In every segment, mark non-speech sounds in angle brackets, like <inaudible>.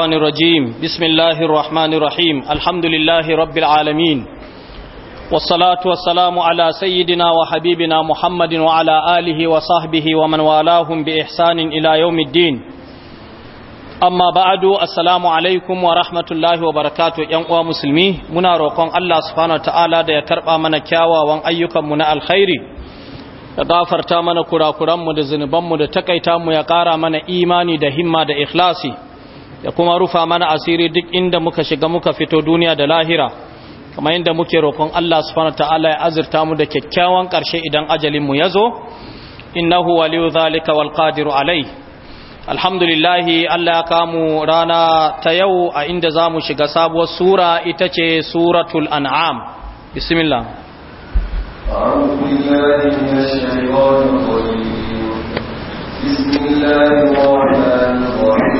الشيطان الرجيم بسم الله الرحمن الرحيم الحمد لله رب العالمين والصلاة والسلام على سيدنا وحبيبنا محمد وعلى آله وصحبه ومن والاهم بإحسان إلى يوم الدين أما بعد السلام عليكم ورحمة الله وبركاته ينقوى مسلمي منا روقون الله سبحانه وتعالى دا يكربا من كياوا وان أيكم من الخير غافرتا من كرا كرام دا زنبام دا تكيتا من يقارا من إيماني دا همة دا إخلاصي da kuma rufa mana asiri duk inda muka shiga muka fito duniya da lahira kamar inda muke roƙon Allah subhanahu ta'ala ya azurta mu da kyakkyawan ƙarshe idan ajalin mu yazo innahu waliyu zalika wal qadiru alai alhamdulillah Allah ya kamu rana ta yau a inda zamu shiga sabuwar sura ita ce suratul an'am bismillah أعوذ بالله من الشيطان الرجيم بسم الله الرحمن الرحيم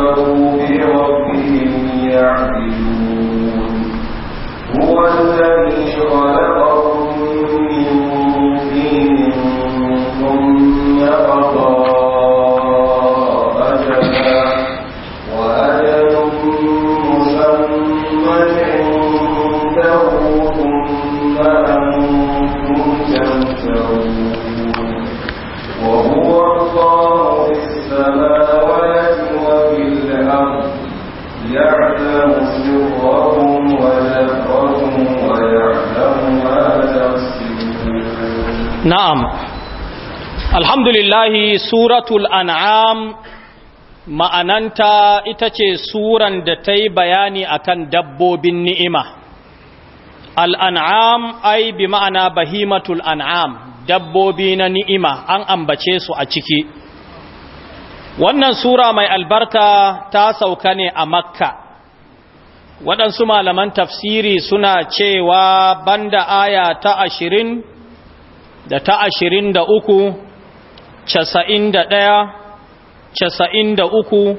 na'am alhamdulillahi suratul an'am ma'ananta ita ce suran da ta yi bayani akan dabbobin ni'ima Al-an'am aibi ma'ana bahimatul an'am dabbobi na ni'ima an ambace su a ciki wannan sura mai albarka ta sauka ne a makka waɗansu malaman tafsiri suna cewa banda aya ta ashirin da ta ashirin da uku casa'in da ɗaya casa'in da uku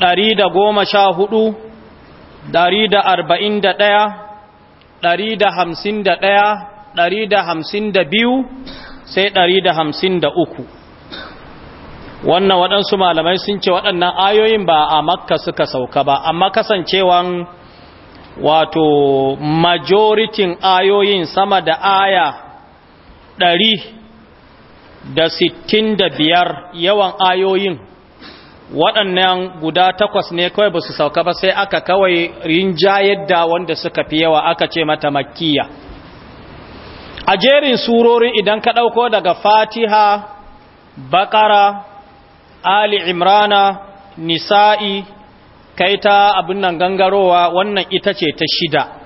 ɗari da goma sha hudu ɗari da arba'in da ɗaya ɗari da hamsin da ɗaya ɗari da hamsin da biyu sai ɗari da hamsin da uku wannan waɗansu malamai sun ce waɗannan ayoyin ba a makka suka sauka ba amma kasancewan wato majoritin ayoyin sama da aya ɗari da sittin da biyar yawan ayoyin waɗannan guda takwas ne kawai ba su sauka ba sai aka kawai rinjayar da wanda suka fi yawa aka ce mata makiya a jerin surorin idan ka ɗauko daga fatiha bakara ali imrana nisa'i kaita ta abin nan gangarowa wannan ita ce ta shida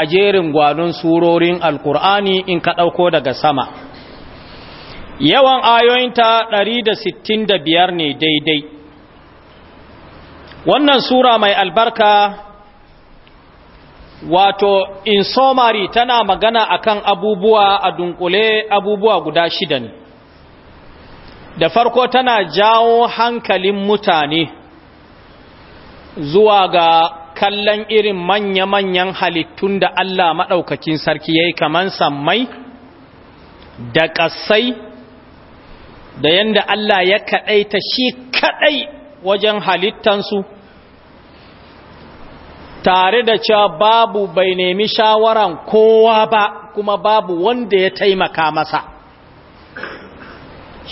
a jerin gwanon surorin alkur'ani in ka ɗauko daga sama yawan ayoyinta 165 ne daidai wannan sura mai albarka wato in somari tana magana akan abubuwa a dunkule abubuwa guda shida ne da farko tana jawo hankalin mutane zuwa ga kallon irin manya-manyan halittun da Allah maɗaukakin sarki ya yi kaman sammai da ƙasai da yadda Allah ya kaɗaita shi kaɗai wajen halittansu tare da cewa babu bai nemi shawaran kowa ba kuma babu wanda ya taimaka masa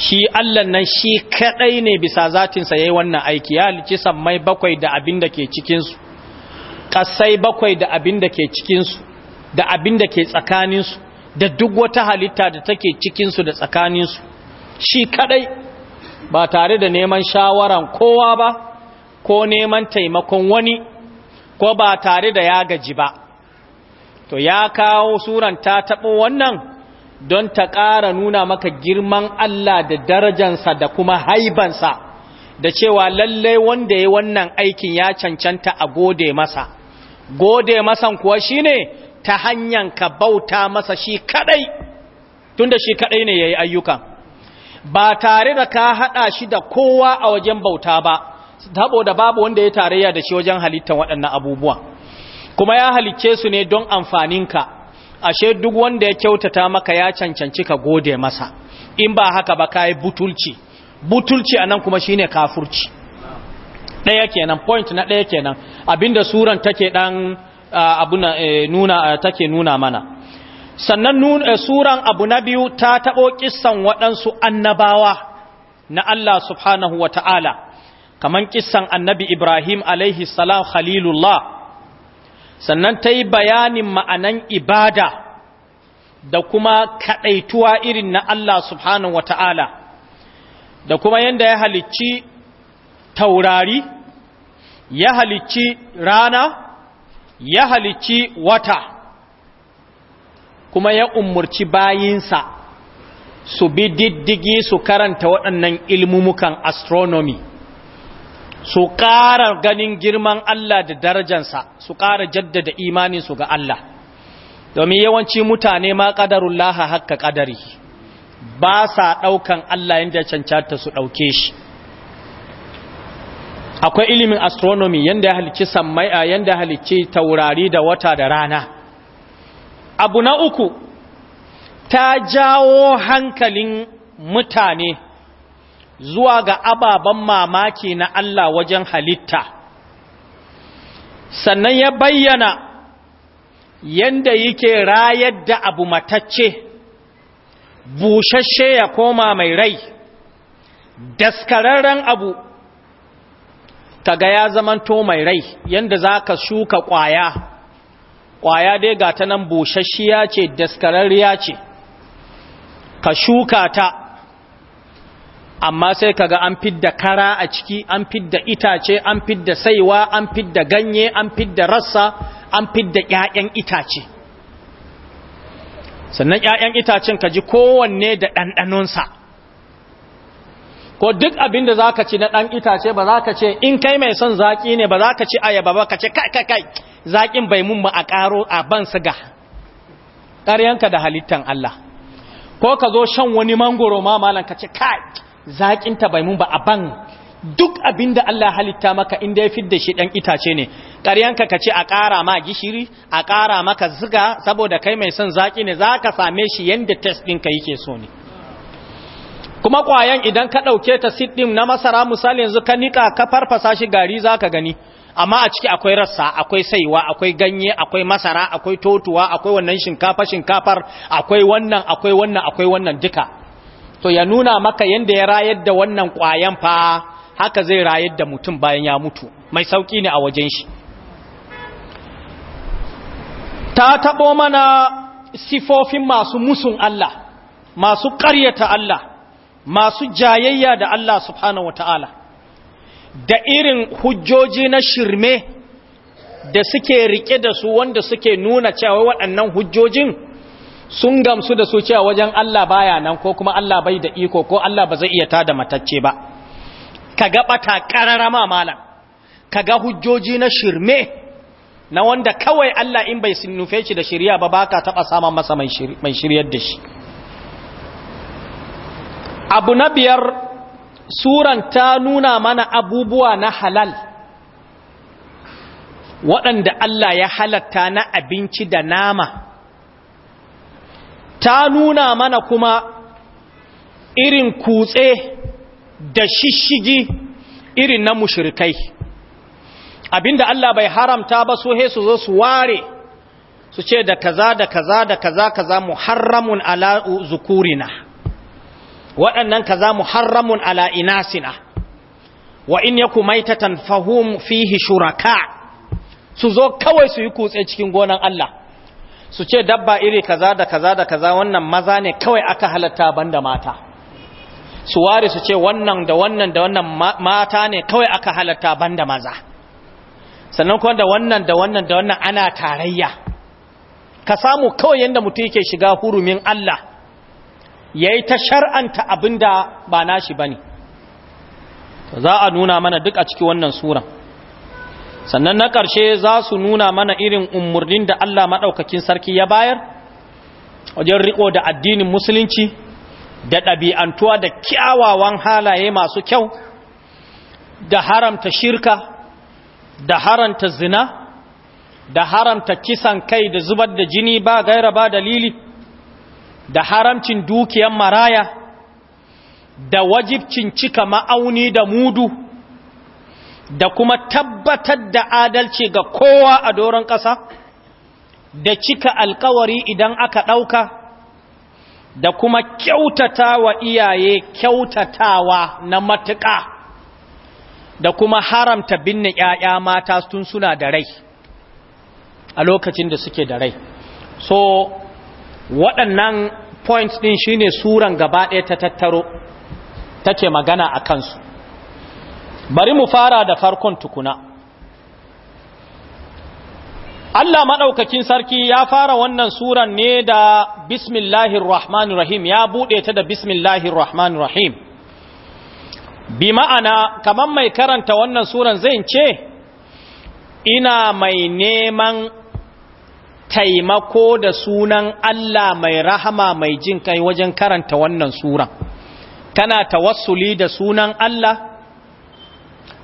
shi Allah nan shi kaɗai ne bisa zatinsa ya yi wannan aiki ya halici sammai bakwai da abin da ke cikinsu Kasai bakwai da abin da ke cikinsu da abin da ke tsakaninsu da duk wata halitta da take cikinsu da tsakaninsu shi kadai ba tare da neman shawaran kowa ba ko neman taimakon wani ko ba tare da ya gaji ba to ya kawo suran ta taɓo wannan don ta ƙara nuna maka girman Allah da darajansa da kuma haibansa da cewa lallai wanda ya wannan aikin ya cancanta a gode masa gode masan kuwa shine ta hanyar ka bauta masa shi kadai tunda shi kadai ne ya yi ayyuka ba tare da ka hada shi da kowa a wajen bauta ba da babu wanda ya tarayya da shi wajen halittar waɗannan abubuwa kuma ya halicce su ne don amfaninka ashe duk wanda ya kyautata maka ya cancanci ka gode masa in ba haka ba ka yi butulci butulci a nan kuma shine kafurci ɗaya kenan point na ɗaya kenan abinda suran take dan abuna e, nuna take nuna mana sannan e, suran abu na biyu ta taɓo kissan waɗansu annabawa na Allah subhanahu wa ta'ala kaman kissan annabi Ibrahim alaihi salam khalilullah sannan ta bayanin ma'anan ibada da kuma kaɗaituwa irin na Allah subhanahu wa ta'ala da kuma yanda ya halicci taurari ya halicci rana ya halicci wata kuma ya umurci bayinsa su bi diddigi su karanta waɗannan ilmumukan astronomy su ƙara ganin girman Allah da darajansa su ƙara jaddada imaninsu ga Allah domin yawanci mutane ma ƙadarun laha haka ƙadari ba sa ɗaukan Allah yadda cancanta su ɗauke shi akwai ilimin astronomy yanda ya halicci sammai a yanda ya halicci taurari da wata da rana abu na uku ta jawo hankalin mutane zuwa ga ababen mamaki na Allah wajen halitta sannan ya bayyana yanda yake rayar da abu matacce bushashe ya koma mai rai daskararren abu ga ya zamanto mai rai yanda za ka shuka ƙwaya ƙwaya dai ga ta nan busasshiya ce daskararriya ce ka shuka ta amma sai ka ga an fidda kara a ciki an fidda itace an fidda saiwa an fidda ganye an fidda rassa an fidda ƴaƴan itace sannan ƴaƴan itacen ka ji kowanne da ɗanɗanonsa ko duk abin da zaka ci na ɗan itace ba zaka ce in kai mai son zaki ne ba zaka ci ayaba ba ka ce kai kai kai zakin bai mun ba a karo a ban siga ƙaryanka da halittan Allah ko ka zo shan wani mangoro ma malan ka ce kai zakin bai mun ba a ban duk abin da Allah halitta maka in ya fidda shi ɗan itace ne ƙaryanka ka ce a ƙara ma gishiri a ƙara maka ziga saboda kai mai son zaƙi ne za ka same shi yadda test ɗinka yake so ne kuma kwayan idan ka ɗauke ta siddin na masara misali yanzu ka niƙa ka farfasa shi gari za ka gani amma a ciki akwai rassa akwai saiwa akwai ganye akwai masara akwai totuwa akwai wannan shinkafa shinkafar akwai wannan akwai wannan akwai wannan duka to ya nuna maka yanda ya rayar da wannan kwayan fa haka zai rayar da mutum bayan ya mutu mai sauƙi ne a wajen shi ta taɓo mana sifofin masu musun Allah masu ƙaryata Allah masu jayayya da Allah subhanahu wata'ala da irin hujjoji na shirme da suke rike da su wanda suke nuna cewa waɗannan hujjojin sun gamsu da su cewa wajen Allah baya nan ko kuma Allah bai da iko ko Allah ba zai iya tada matacce ba Ka ga bata kararama malam ga hujjoji na shirme na wanda kawai Allah in bai nufe shi da shirya ba baka taba samun masa mai shiryar da shi abu na biyar suran ta nuna mana abubuwa na halal waɗanda Allah ya halatta na abinci da nama ta nuna mana kuma irin kutse da shishigi irin na mushrikai abinda Allah bai haramta ba so he su zo su ware su ce da kaza da kaza da kaza kaza muharramun ala zukurina waɗannan kaza haramun ala sina. wa in ya yaku maitatan fahum fihi shuraka su zo kawai su yi kutse cikin gonan Allah su ce dabba iri kaza da kaza da kaza wannan maza ne kawai aka halatta banda mata su ware su ce wannan da wannan da wannan mata ne kawai aka halatta banda maza sannan kuma da wannan da wannan da wannan ana tarayya ka samu kawai yanda mutum yake shiga hurumin Allah ya yi ta shar'anta abin da ba nashi ba ne za a nuna mana duk a ciki wannan sura sannan na ƙarshe za su nuna mana irin umarnin da Allah maɗaukakin sarki ya bayar wajen riƙo da addinin musulunci da ɗabi'antuwa da kyawawan halaye masu kyau da haramta shirka da haramta zina da haramta kisan kai da zubar da jini ba gaira ba dalili da haramcin dukiyan maraya da wajibcin cika ma'auni da mudu da kuma tabbatar da adalci ga kowa a doron ƙasa da cika alkawari idan aka ɗauka da kuma kyautata wa iyaye kyautatawa na matuƙa da kuma haramta binne ‘ya'ya mata tun suna da rai a lokacin da suke da rai so waɗannan points ɗin shine suran gaba ɗaya ta tattaro take magana a kansu bari mu fara da farkon tukuna Allah maɗaukakin sarki ya fara wannan suran ne da bismillahir rahmanir rahim ya buɗe ta da bismillahir rahmanir rahim bi ma'ana kamar mai karanta wannan suran zai ce ina mai neman taimako da sunan Allah mai rahama mai jin kai wajen karanta wannan sura tana tawassuli da sunan Allah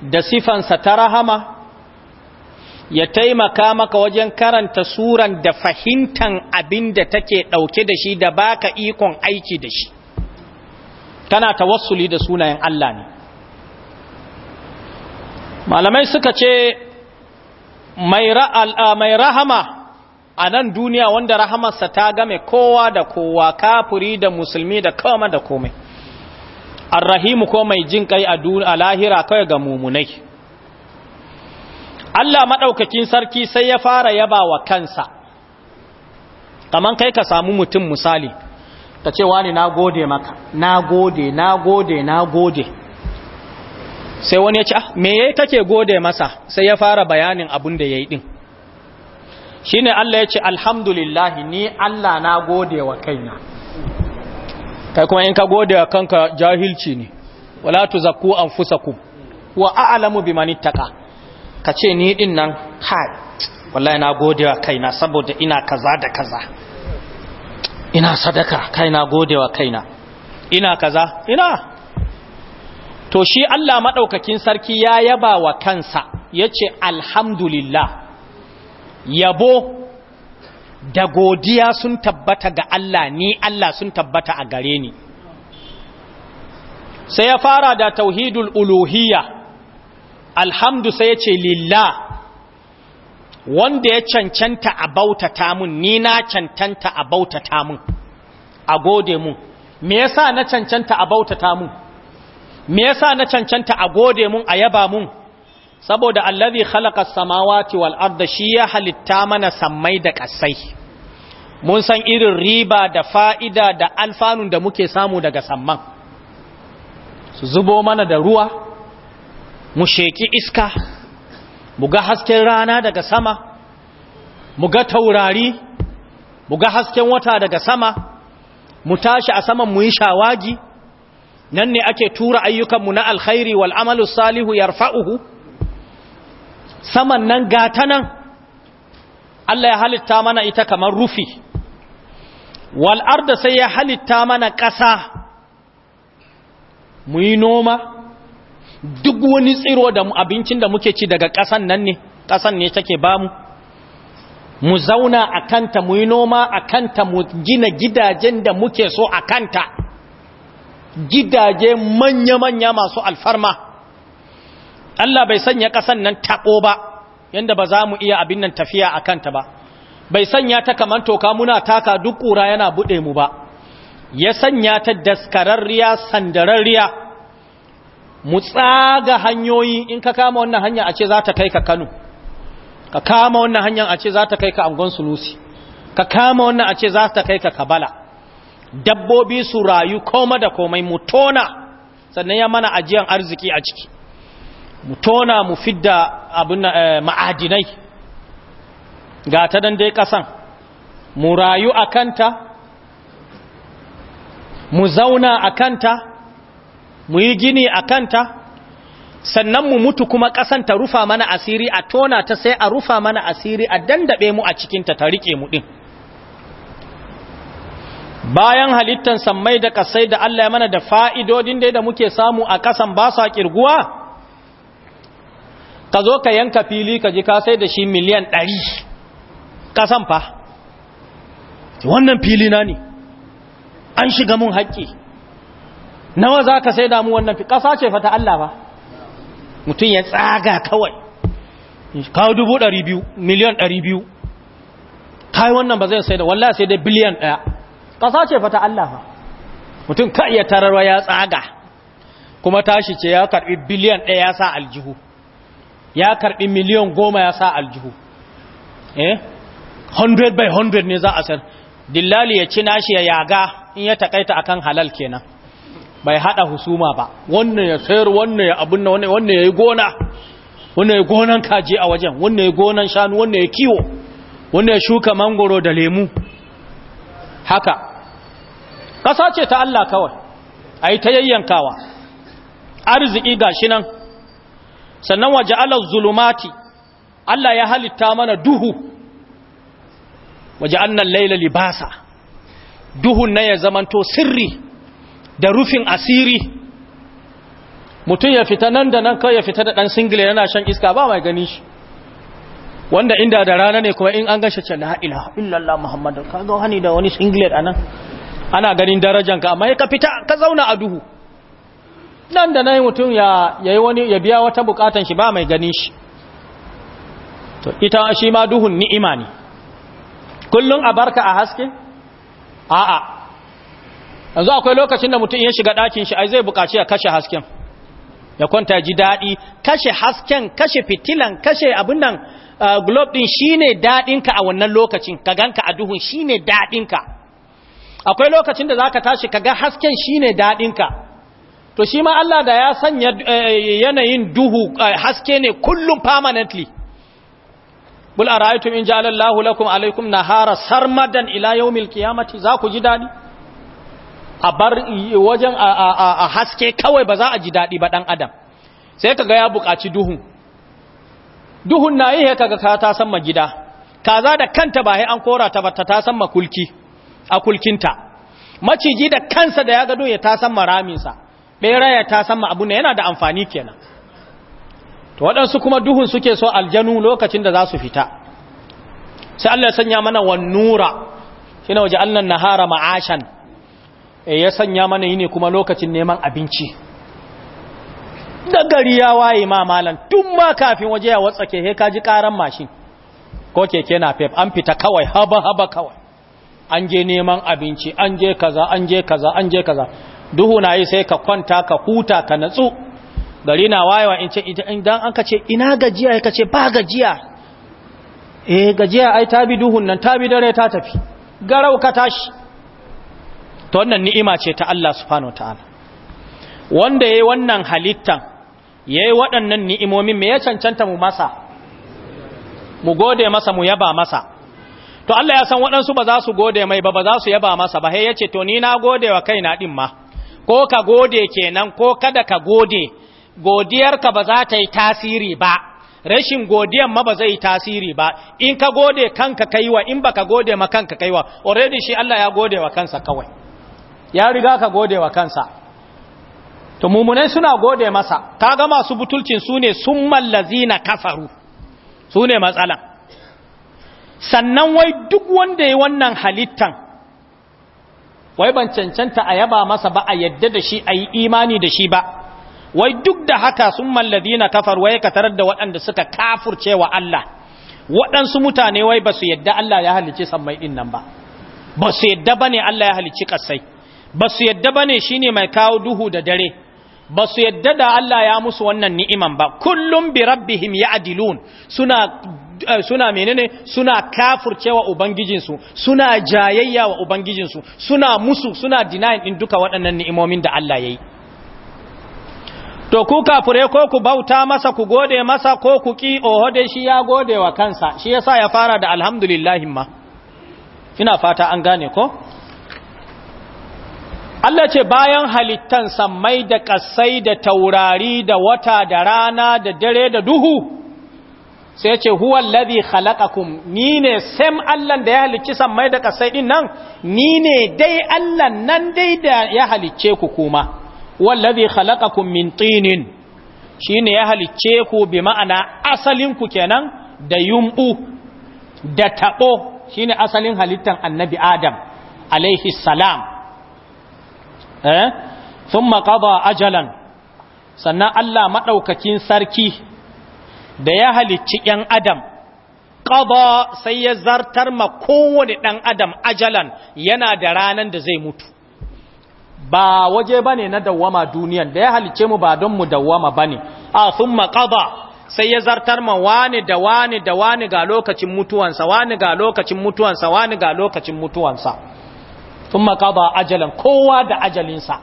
da sifansa ta rahama ya taimaka maka wajen karanta suran da fahimtan abin da take ɗauke da shi da baka ikon aiki da shi tana tawassuli da sunayen Allah ne malamai suka ce mai rahama a nan duniya wanda rahamarsa ta game kowa da kowa kafuri da musulmi da kama da komai arrahimu ko mai jin kai a lahira kawai ga mumunai Allah maɗaukakin sarki sai ya fara yaba wa kansa kaman kai ka samu mutum misali ta ce wani na gode maka na gode na gode na gode sai wani ya ce ah me yayi kake gode masa sai ya fara bayanin abun da yayi din Shi ne Allah ya ce alhamdulillah ni Allah na gode wa kaina kai kuma in ka gode wa kanka jahilci ne wala zakku anfusakum wa a'lamu bimani taqa ce ni din nan kai wallahi na gode wa kaina saboda ina kaza da kaza ina sadaka kaina gode wa kaina ina kaza ina to shi Allah madaukakin sarki ya yaba wa kansa yace alhamdulillah yabo da godiya sun tabbata ga Allah ni Allah sun tabbata a gare ni sai ya fara da tauhidul uluhiyya alhamdu sai ya ce lillah wanda ya cancanta a bautata mun ni na cancanta a bautata mun a gode mun me yasa na cancanta a bautata mun me yasa na cancanta a gode mun a yaba mun saboda allazi khalaqa samawati wal arda shi ya halitta mana sammai da kasai mun san irin riba da fa'ida da alfanun da muke samu daga samman su zubo mana da ruwa mu sheki iska mu ga hasken rana daga sama mu ga taurari mu ga hasken wata daga sama mu tashi a saman mu yi shawagi nan ne ake tura ayyukanmu na alkhairi wal amalu salihu yarfa'uhu saman nan gata nan Allah ya halitta mana ita kamar rufi wal arda sai ya halitta mana ƙasa mu yi noma duk wani tsiro da abincin da muke ci daga ƙasan nan ne ƙasan ne take bamu mu zauna a kanta mu yi noma a kanta mu gina gidajen da muke so a kanta gidaje manya-manya masu alfarma Allah bai sanya ƙasan nan taɓo ba yanda ba za mu iya abin nan tafiya a kanta ba bai sanya ta kamar toka muna taka duk kura yana buɗe mu ba ya sanya ta daskararriya sandararriya mu tsaga hanyoyi in ka kama wannan hanya a ce za ta kai ka kano ka kama wannan hanyar a ce za ta kai ka angon sulusi ka kama wannan a ce za ta kai ka kabala dabbobi su rayu koma da komai mu tona sannan ya mana ajiyan arziki a ciki mu tona mu fidda eh, ma'adinai ga ta dan dai kasan mu rayu a kanta mu zauna a kanta mu yi gini a kanta sannan mu mutu kuma kasan ta rufa mana asiri a tona ta sai a rufa mana asiri a dandabe mu a cikinta ta rike mu din bayan halittan sammai da kasai da Allah ya mana da fa'idodin dai da muke samu a kasan ba sa kirguwa ka zo ka yanka fili ka ji ka sai da shi miliyan ɗari ƙasan fa wannan fili na ne an shiga mun haƙƙi nawa za ka sai damu wannan fi ƙasa ce fata Allah ba mutum ya tsaga kawai kawo dubu ɗari biyu miliyan ɗari biyu kai wannan ba zai sai da wallah sai da biliyan ɗaya ƙasa ce fata Allah ba mutum ka iya tararwa ya tsaga kuma tashi ce ya karɓi biliyan ɗaya ya sa aljihu ya karbi miliyan goma ya sa aljihu eh 100 by 100 ne za a san. dillali ya ci nashi ya yaga in ya takaita akan halal kenan bai hada husuma ba wannan ya sayar wannan ya abun wannan ya yi gona wannan ya gonan kaje a wajen wannan ya gonan shanu wannan ya kiwo wannan ya shuka mangoro da lemu haka ƙasa ce ta Allah kawai a yi ta yayyankawa arziki gashi nan sannan waje alar zulumati Allah ya halitta mana duhu waje annan laila libasa duhun na ya zamanto sirri da rufin asiri mutum ya fita nan da nan kawai ya fita da ɗan singile yana shan iska ba mai gani shi wanda inda da rana ne kuma in an gashe ce la ilaha illallah muhammadu ka ga wani da wani singlet anan ana ganin darajanka amma ya ka fita ka zauna a duhu nan da nan mutum ya yayi wani ya biya wata bukatan shi ba mai ganin shi to ita shi ma duhun ni'ima ne kullun a barka a haske a'a yanzu akwai lokacin da mutum ya shiga dakin shi ai zai bukaci ya kashe hasken ya kwanta ji daɗi kashe hasken kashe fitilan kashe abin nan uh, globe din shine daɗinka a wannan lokacin ka ganka a duhun shine ka akwai lokacin da zaka tashi ka ga hasken shine daɗinka to shi ma Allah da ya sanya eh, yanayin duhu eh, haske ne kullum permanently bul araitum in ja'ala Allahu lakum alaykum nahara sarmadan ila yawmil qiyamati za ku ji dadi a bar wajen a haske kawai ba za a ji dadi ba dan adam sai kaga ya buƙaci duhu. duhun nayi he kaga ka ta san gida kaza da kanta ba an kora ta ba ta san makulki a kulkinta maciji da kansa da ya gado ya ta san maraminsa ɓeraya ta sama abu ne yana da amfani kenan to waɗansu kuma duhun suke so aljanu lokacin da za su fita sai Allah ya sanya mana wan nura shine waje Allah nahara ma'ashan e ya sanya mana yini kuma lokacin neman abinci da gari ya waye ma malan tun ma kafin waje ya watsake he ji karan mashin ko keke na pep an fita kawai haba haba kawai an je neman abinci an je kaza an je kaza an je kaza duhu na yi sai ka kwanta ka huta ka natsu gari na wayewa in ce idan an ka ce ina gajiya ya ka ce ba gajiya eh gajiya ai ta bi duhun nan ta bi dare ta tafi garau ka tashi to wannan ni'ima ce ta Allah subhanahu wataala wanda yayi wannan halittan yayi waɗannan ni'imomin me ya cancanta mu masa mu gode masa mu yaba masa to Allah ya san waɗansu ba za su gode mai ba ba za su yaba masa ba sai ce to ni na gode wa kaina din ma ko ka gode kenan ko kada ka gode godiyarka ba za ta yi tasiri ba rashin godiyan ma ba zai tasiri ba in ka gode kanka kaiwa in ba ka gode ma kanka kaiwa already shi Allah ya gode wa kansa kawai ya riga ka gode wa kansa to mummunai suna gode masa ka ga masu butulcin sune summal lazina kafaru sune matsala sannan wai duk wanda ya wannan halittan wai ban cancanta a yaba masa ba a yadda da shi a yi imani da shi ba wai duk da haka sun mallabi na kafar wai ka tarar da waɗanda suka kafurce wa Allah waɗansu mutane wai ba su yadda Allah ya halicci sammai ɗin nan ba ba su yadda ba ne Allah ya halicci ƙasai ba su yadda ba ne shi ne mai kawo duhu da dare ba su yadda da Allah ya musu wannan ni'iman ba kullum bi rabbihim ya suna Eh, suna menene suna kafurcewa ubangijinsu suna jayayya wa ubangijinsu suna musu suna denying din duka waɗannan ni'imomin da Allah yayi to ku kafure ko ku bauta masa ku gode masa ko ku ki oho dai shi ya gode wa kansa shi yasa ya fara da alhamdulillah ma ina fata an gane ko Allah ce bayan halittan sammai da kasai da taurari da wata da rana da dare da duhu sai ce huwa alladhi khalaqakum ni ne sam Allah da ya halicci sammai da kasai din nan ni ne dai Allah nan dai da ya halicce ku kuma wallazi khalaqakum min tinin shine ya halicce ku bi ma'ana asalin ku kenan da yumbu da tabo shine asalin halittan annabi Adam alaihi salam eh thumma qada ajalan sannan Allah madaukakin sarki da ya halicci ‘yan adam ƙaba sai ya zartar ma kowane ɗan adam ajalan yana da ranar da zai mutu ba waje ba ne na dawwama duniyan da ya halicce mu ba don mu dawwama ba ne a sun maƙaba sai ya zartar ma wani da wani da wani ga lokacin mutuwansa wani ga lokacin mutuwansa wani ga lokacin mutuwansa sun maƙaba ajalan kowa da ajalinsa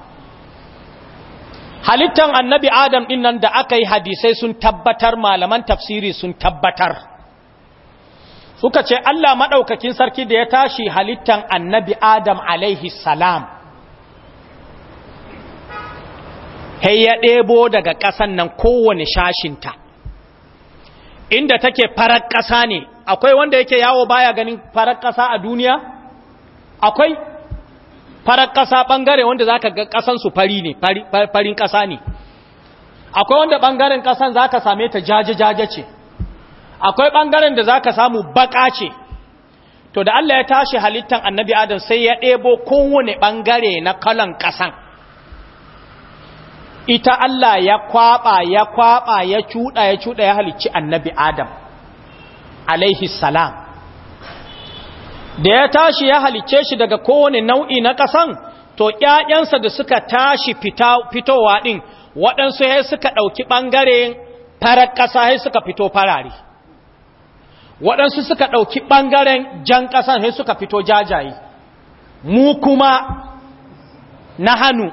halittan annabi adam din nan da aka yi hadisai sun tabbatar malaman tafsiri sun tabbatar suka ce Allah maɗaukakin sarki da ya tashi halittan annabi adam alaihi salam ya ɗebo daga ƙasan nan kowane shashinta inda take farar ƙasa ne akwai wanda yake yawo baya ganin farar ƙasa a duniya akwai farar ƙasa ɓangare wanda za ka ga ƙasansu fari ne farin ƙasa ne akwai wanda ɓangaren ƙasan za ka same ta jaje-jaje ce akwai ɓangaren da za ka samu baƙa ce to da Allah ya tashi halittar annabi adam sai ya ɗebo kowane ɓangare na kalan ƙasan ita Allah ya kwaɓa ya kwaɓa ya cuɗa ya cuɗa ya halicci annabi adam alaihi salam da ya tashi ya halicce shi daga kowane nau'i na ƙasan to ƴaƴansa da suka tashi fitowa ɗin waɗansu ya suka ɗauki ɓangaren farar ƙasa ya suka fito farare waɗansu suka ɗauki ɓangaren jan ƙasan ya suka fito jajaye mu kuma na hannu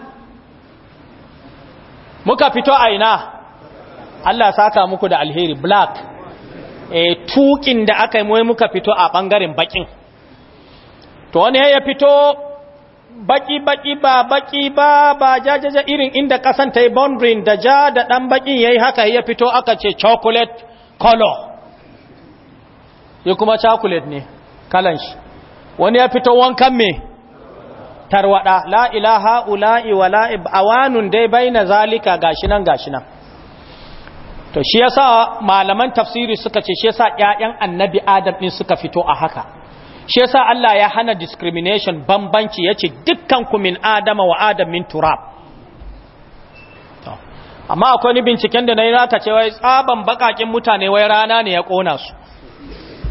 muka fito a ina? Allah saka muku da alheri black e, eh, tukin da aka yi muka fito a ɓangaren baƙin to wani ya fito baki-baki ba baki ba ba jajaja irin inda kasan ta yi boundary da ja da dan bakin ya yi haka ya fito aka ce chocolate color ya kuma chocolate ne kalan shi wani ya fito wankan me tarwada la ilaha ula'i wa la'ib awanun dai baina zalika gashinan gashinan. gashi to shi yasa malaman tafsiri suka ce shi yasa ƴaƴan annabi adam din suka fito a haka shi yasa Allah ya hana discrimination bambanci yace dukkan ku min adama wa adam min turab amma akwai ni binciken da nayi zaka ce wai tsaban bakakin mutane wai rana ne ya kona su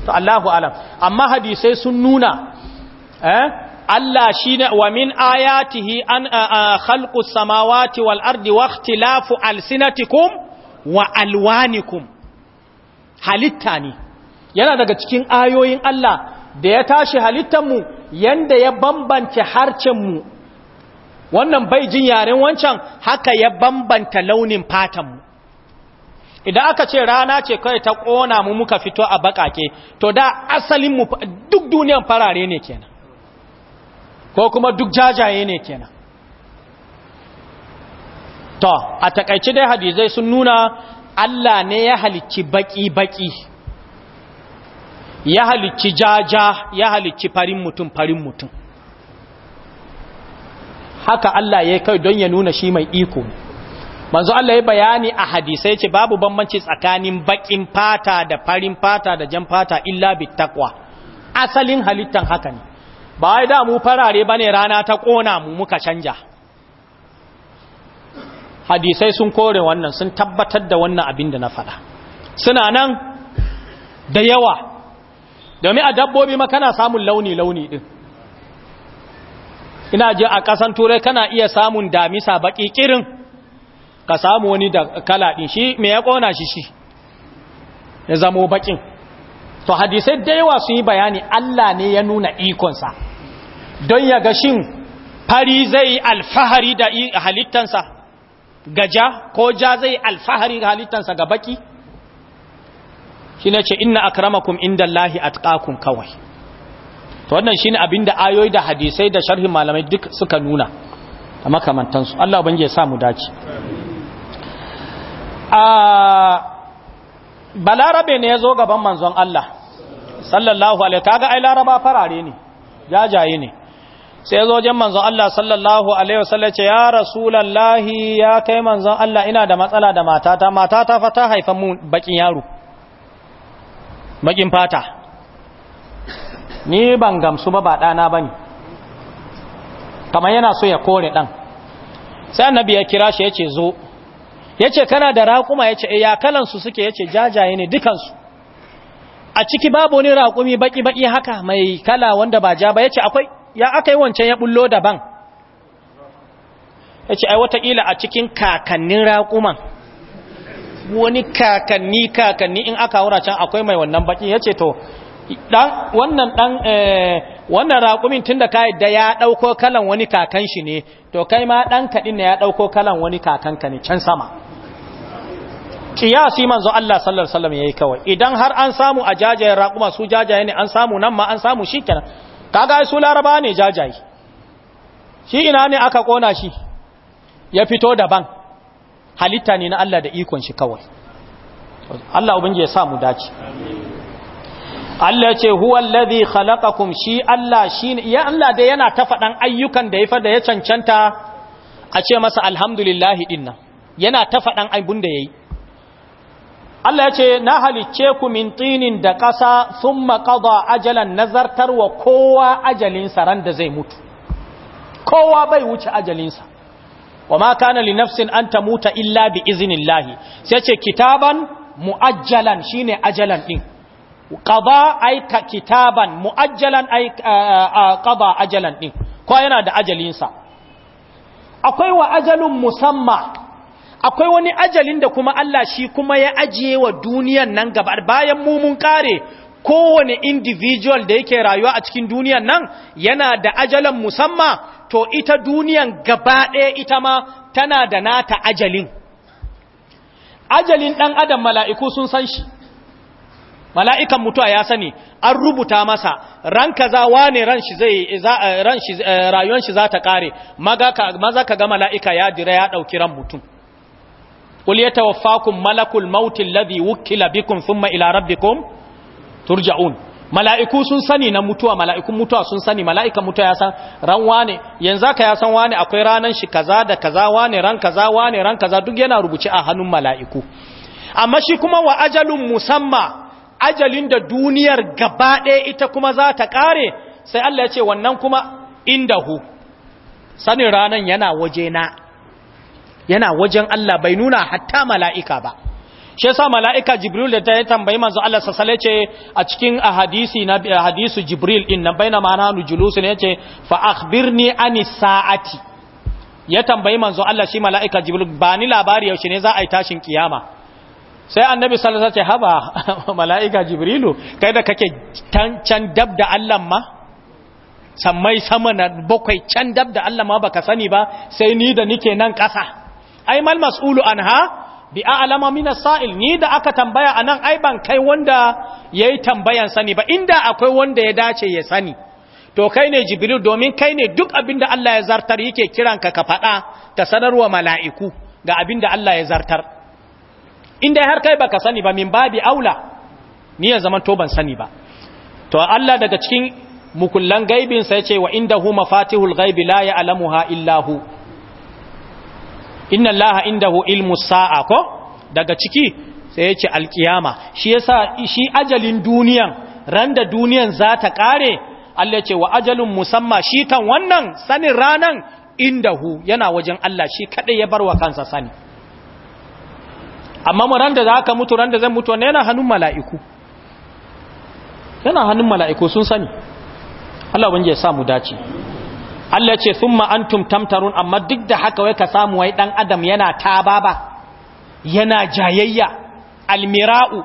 to Allahu alam amma hadisai sun nuna eh Allah shine wa min ayatihi an khalqus samawati wal ardi wa ikhtilafu alsinatikum wa alwanikum halitta ne yana daga cikin ayoyin Allah da ya tashi halittanmu yanda ya bambance mu. wannan bai jin yaren wancan haka ya bambanta launin fatanmu idan aka ce rana ce kai ta ƙona mu muka fito a baƙaƙe to da asalinmu duk duniyan farare ne kenan ko kuma duk jajaye ne kenan to a takaici dai hadizai sun nuna Allah ne ya halicci baƙi-baƙi ya halicci jaja ya halicci farin mutum farin mutum haka Allah ya kai don ya nuna shi mai iko manzo Allah ya bayani a hadisai ce babu bambanci tsakanin bakin fata da farin fata da jan fata illa bittaqwa asalin halittan haka ne ba wai da mu farare bane rana ta kona mu muka canja hadisai sun kore wannan sun tabbatar da wannan abin da na faɗa suna nan da yawa domin a dabbobi ma kana samun launi-launi din ina je a ƙasan turai kana iya samun damisa baƙi ƙirin ka samu wani da kala ɗin shi me ya ƙona shi shi ya zamo baƙin to hadisai da yawa sun yi bayani Allah ne ya nuna ikonsa don ya ga shin fari zai alfahari da halittansa gaja ko ja zai alfahari halittansa ga baƙi? shi ne ce inna akramakum inda Allahi atqakum kawai to wannan shine abin da ayoyi da hadisai da sharhin malamai duk suka nuna a makamantansu Allah ubangiji ya sa mu dace a balarabe ne ya zo gaban manzon Allah sallallahu alaihi kaga ai laraba farare ne jajaye ne sai ya zo wajen manzon Allah sallallahu alaihi wasallam ce ya rasulullahi ya kai manzon Allah ina da matsala da matata matata fa ta haifa mun bakin yaro bakin fata ni ban gamsu ba ba ɗana ba ne kamar yana so ya kore ɗan sai annabi ya kira shi ya ce zo ya ce kana da raƙuma ya ce iyakalansu eh, suke ya ce jajaye ne dukansu a ciki babu wani raƙumi baƙi baki haka mai kala wanda ba ja ba ya ce akwai ya aka yi wancan ya bullo daban ya ce ai watakila a cikin kakannin raƙuman wani kakanni kakanni in aka wura can akwai mai wannan baki ya ce to wannan dan eh, wannan raƙumin tunda ka yadda ya ɗauko kalan wani kakan shi ne to kai ma ɗan kaɗin ne ya ɗauko kalan wani kakanka ne can sama kiyasi manzo Allah sallallahu alaihi wasallam yayi kawai idan har an samu a jajayen raƙuma su jajaye ne an samu nan ma an samu shi kenan kaga su laraba ne jajaye shi ina ne aka kona shi ya fito daban halitta ne na Allah da ikon shi kawai Allah ubangiji ya sa mu dace Allah ce huwa alladhi khalaqakum shi Allah shine ya Allah dai yana ta faɗan ayyukan da ya fada ya cancanta a ce masa alhamdulillahi dinnan yana ta faɗan abun da yayi Allah ya ce na halicce ku min tinin da ƙasa sun maƙaɗa ajalan wa kowa ajalinsa ran da zai mutu kowa bai wuce ajalinsa wa ma kana li nafsin an tamuta illa bi iznillahi sai ce kitaban muajjalan shine ajalan din qada ay kitaban muajjalan ay qada ajalan din ko yana da ajalin sa akwai wa ajalun musamma akwai wani ajalin da kuma Allah shi kuma ya ajiye wa duniyan nan gaba bayan mu mun kare kowane individual da yake rayuwa a cikin duniyan nan yana da ajalan musamma to ita duniyan gaba ɗaya ita ma tana da nata ajalin ajalin ɗan adam mala'iku sun san shi mala'ikan mutuwa ya sani an rubuta masa ran kaza ne ran shi eh, rayuwar shi za ta kare maza ka ga mala'ika ya dira ya ɗauki ran mutum qul yatawaffakum malakul mautin ladhi wukila bikum ila rabbikum turja'un mala'iku sun sani na mutuwa mala'ikun mutuwa sun sani mala'ikan mutuwa ya san ran wane yanzu ka ya san wane akwai ranan shi kaza da kaza wane ran kaza wane ran kaza duk yana rubuce a hannun mala'iku amma shi kuma wa ajalin musamma ajalin da duniyar gaba ɗaya ita kuma za ta ƙare sai Allah ya ce wannan kuma indahu sanin ranan yana waje yana wajen Allah bai nuna hatta mala'ika ba shi yasa mala'ika jibril da ta tambayi manzo Allah sassale ce a cikin ahadisi na hadisu jibril din nan baina ma'ana nu julusun yace fa akhbirni ani sa'ati ya tambayi manzo Allah shi mala'ika jibril ba ni labari yaushe ne za a yi tashin kiyama sai annabi sallallahu alaihi wasallam ce haba <laughs> mala'ika jibrilu kai da kake can dab da Allah ma sammai sama na bakwai can dab da Allah ma baka sani ba sai ni da nike nan kasa ai mal mas'ulu anha bi a'lama sail ni da aka tambaya anan ai ban kai wanda yayi tambayan sani ba inda akwai wanda ya dace ya sani to kai ne jibril domin kai ne duk abinda Allah ya zartar yake kiranka ka faɗa ta sanarwa mala'iku ga abinda Allah ya zartar inda har kai baka sani ba min babi aula ni ya zama to ban sani ba to Allah daga cikin mukullan gaibinsa ya ce wa inda indahu mafatihul ghaibi la ha illahu inna inda indahu ilmu sa'a ko daga ciki sai ya ce alkiyama shi yasa shi ajalin duniyan randa duniyan za ta kare Allah ce wa ajalin musamma shi kan wannan sanin ranan indahu yana wajen Allah shi kadai ya barwa kansa sani amma mu randa za ka mutu randa zan mutu wannan yana hannun mala'iku yana hannun mala'iku sun sani Allah ubangiji ya sa mu dace Allah ce summa antum tamtarun amma duk da haka wai ka samu wai dan adam yana tababa yana jayayya almira'u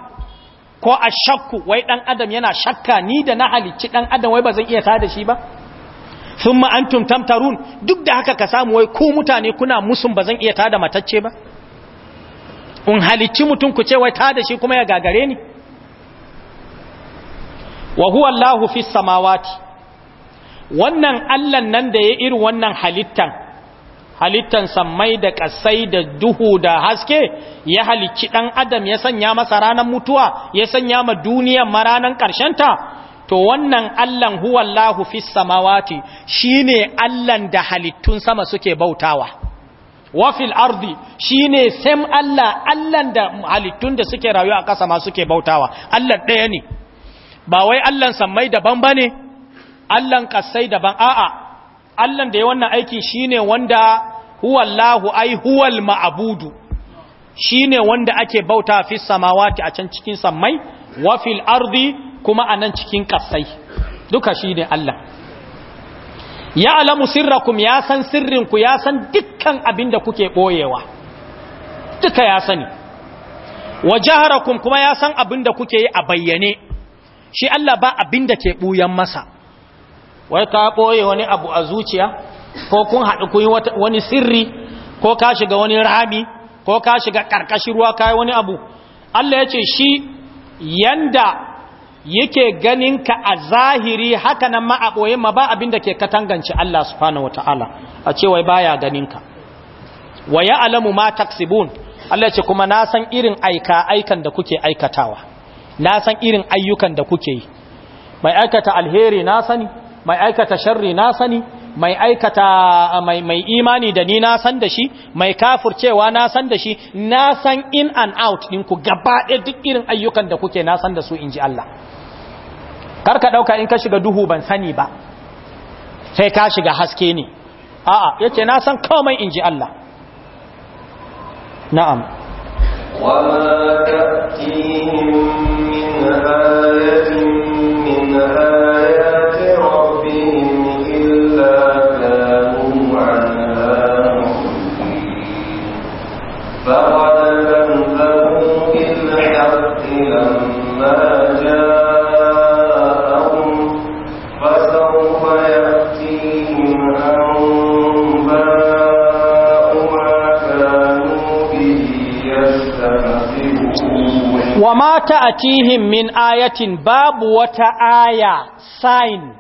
ko ashakku wai dan adam yana shakka ni da na halicci dan adam wai ba zan iya tada shi ba summa antum tamtarun duk da haka ka samu wai ku mutane kuna musun ba zan iya tada matacce ba in halicci mutum ku ce wai tada shi kuma ya gagare ni wa huwa Allahu fis samawati wannan allan nan da ya irin wannan halittan halittan sammai da ƙasai da duhu da haske ya halicci ɗan adam ya sanya masa ranar mutuwa ya sanya ma duniyan maranan ta. to wannan allan huwallahu fis samawati shine allan da halittun sama suke bautawa wafil ardi shine sam allah allan da halittun da suke rayuwa a ƙasa ma suke bautawa allan ɗaya ne ba wai allan sammai daban ba bane Allahn kasai daban a'a Allahn da ya wannan aikin shine wanda huwallahu ai huwal ma'abudu shine wanda ake bauta fi samawati a can cikin sammai wa fil ardi kuma anan cikin kasai duka shine Allah ya alamu sirrakum ya san sirrinku ya san dukkan abin da kuke boyewa duka ya sani wa jaharakum kuma ya san abin da kuke yi a bayyane shi Allah ba abin da ke buyan masa wai ka boye wani abu a zuciya ko kun haɗu kun wani sirri ko ka shiga wani rami ko ka shiga ƙarƙashin ruwa ka wani abu Allah ya ce shi yanda yake ganin ka a zahiri haka nan ma a ɓoye ma ba abin da ke katangance Allah subhanahu wata'ala a ce wai baya ganin ka wa ya alamu ma taksibun Allah ya ce kuma na san irin aika aikan da kuke aikatawa na san irin ayyukan da kuke yi mai aikata alheri na sani mai aikata sharri na sani mai aikata mai, imani da ni na san da shi mai kafurcewa na san da shi na san in and out ɗinku gaba ɗaya duk irin ayyukan da kuke na san da su in ji Allah karka ɗauka in ka shiga duhu ban sani ba sai ka shiga haske ne a'a yace na san komai in ji Allah na'am ma تأتيهم من آية من mata'atihim min ayatin babu wata aya sign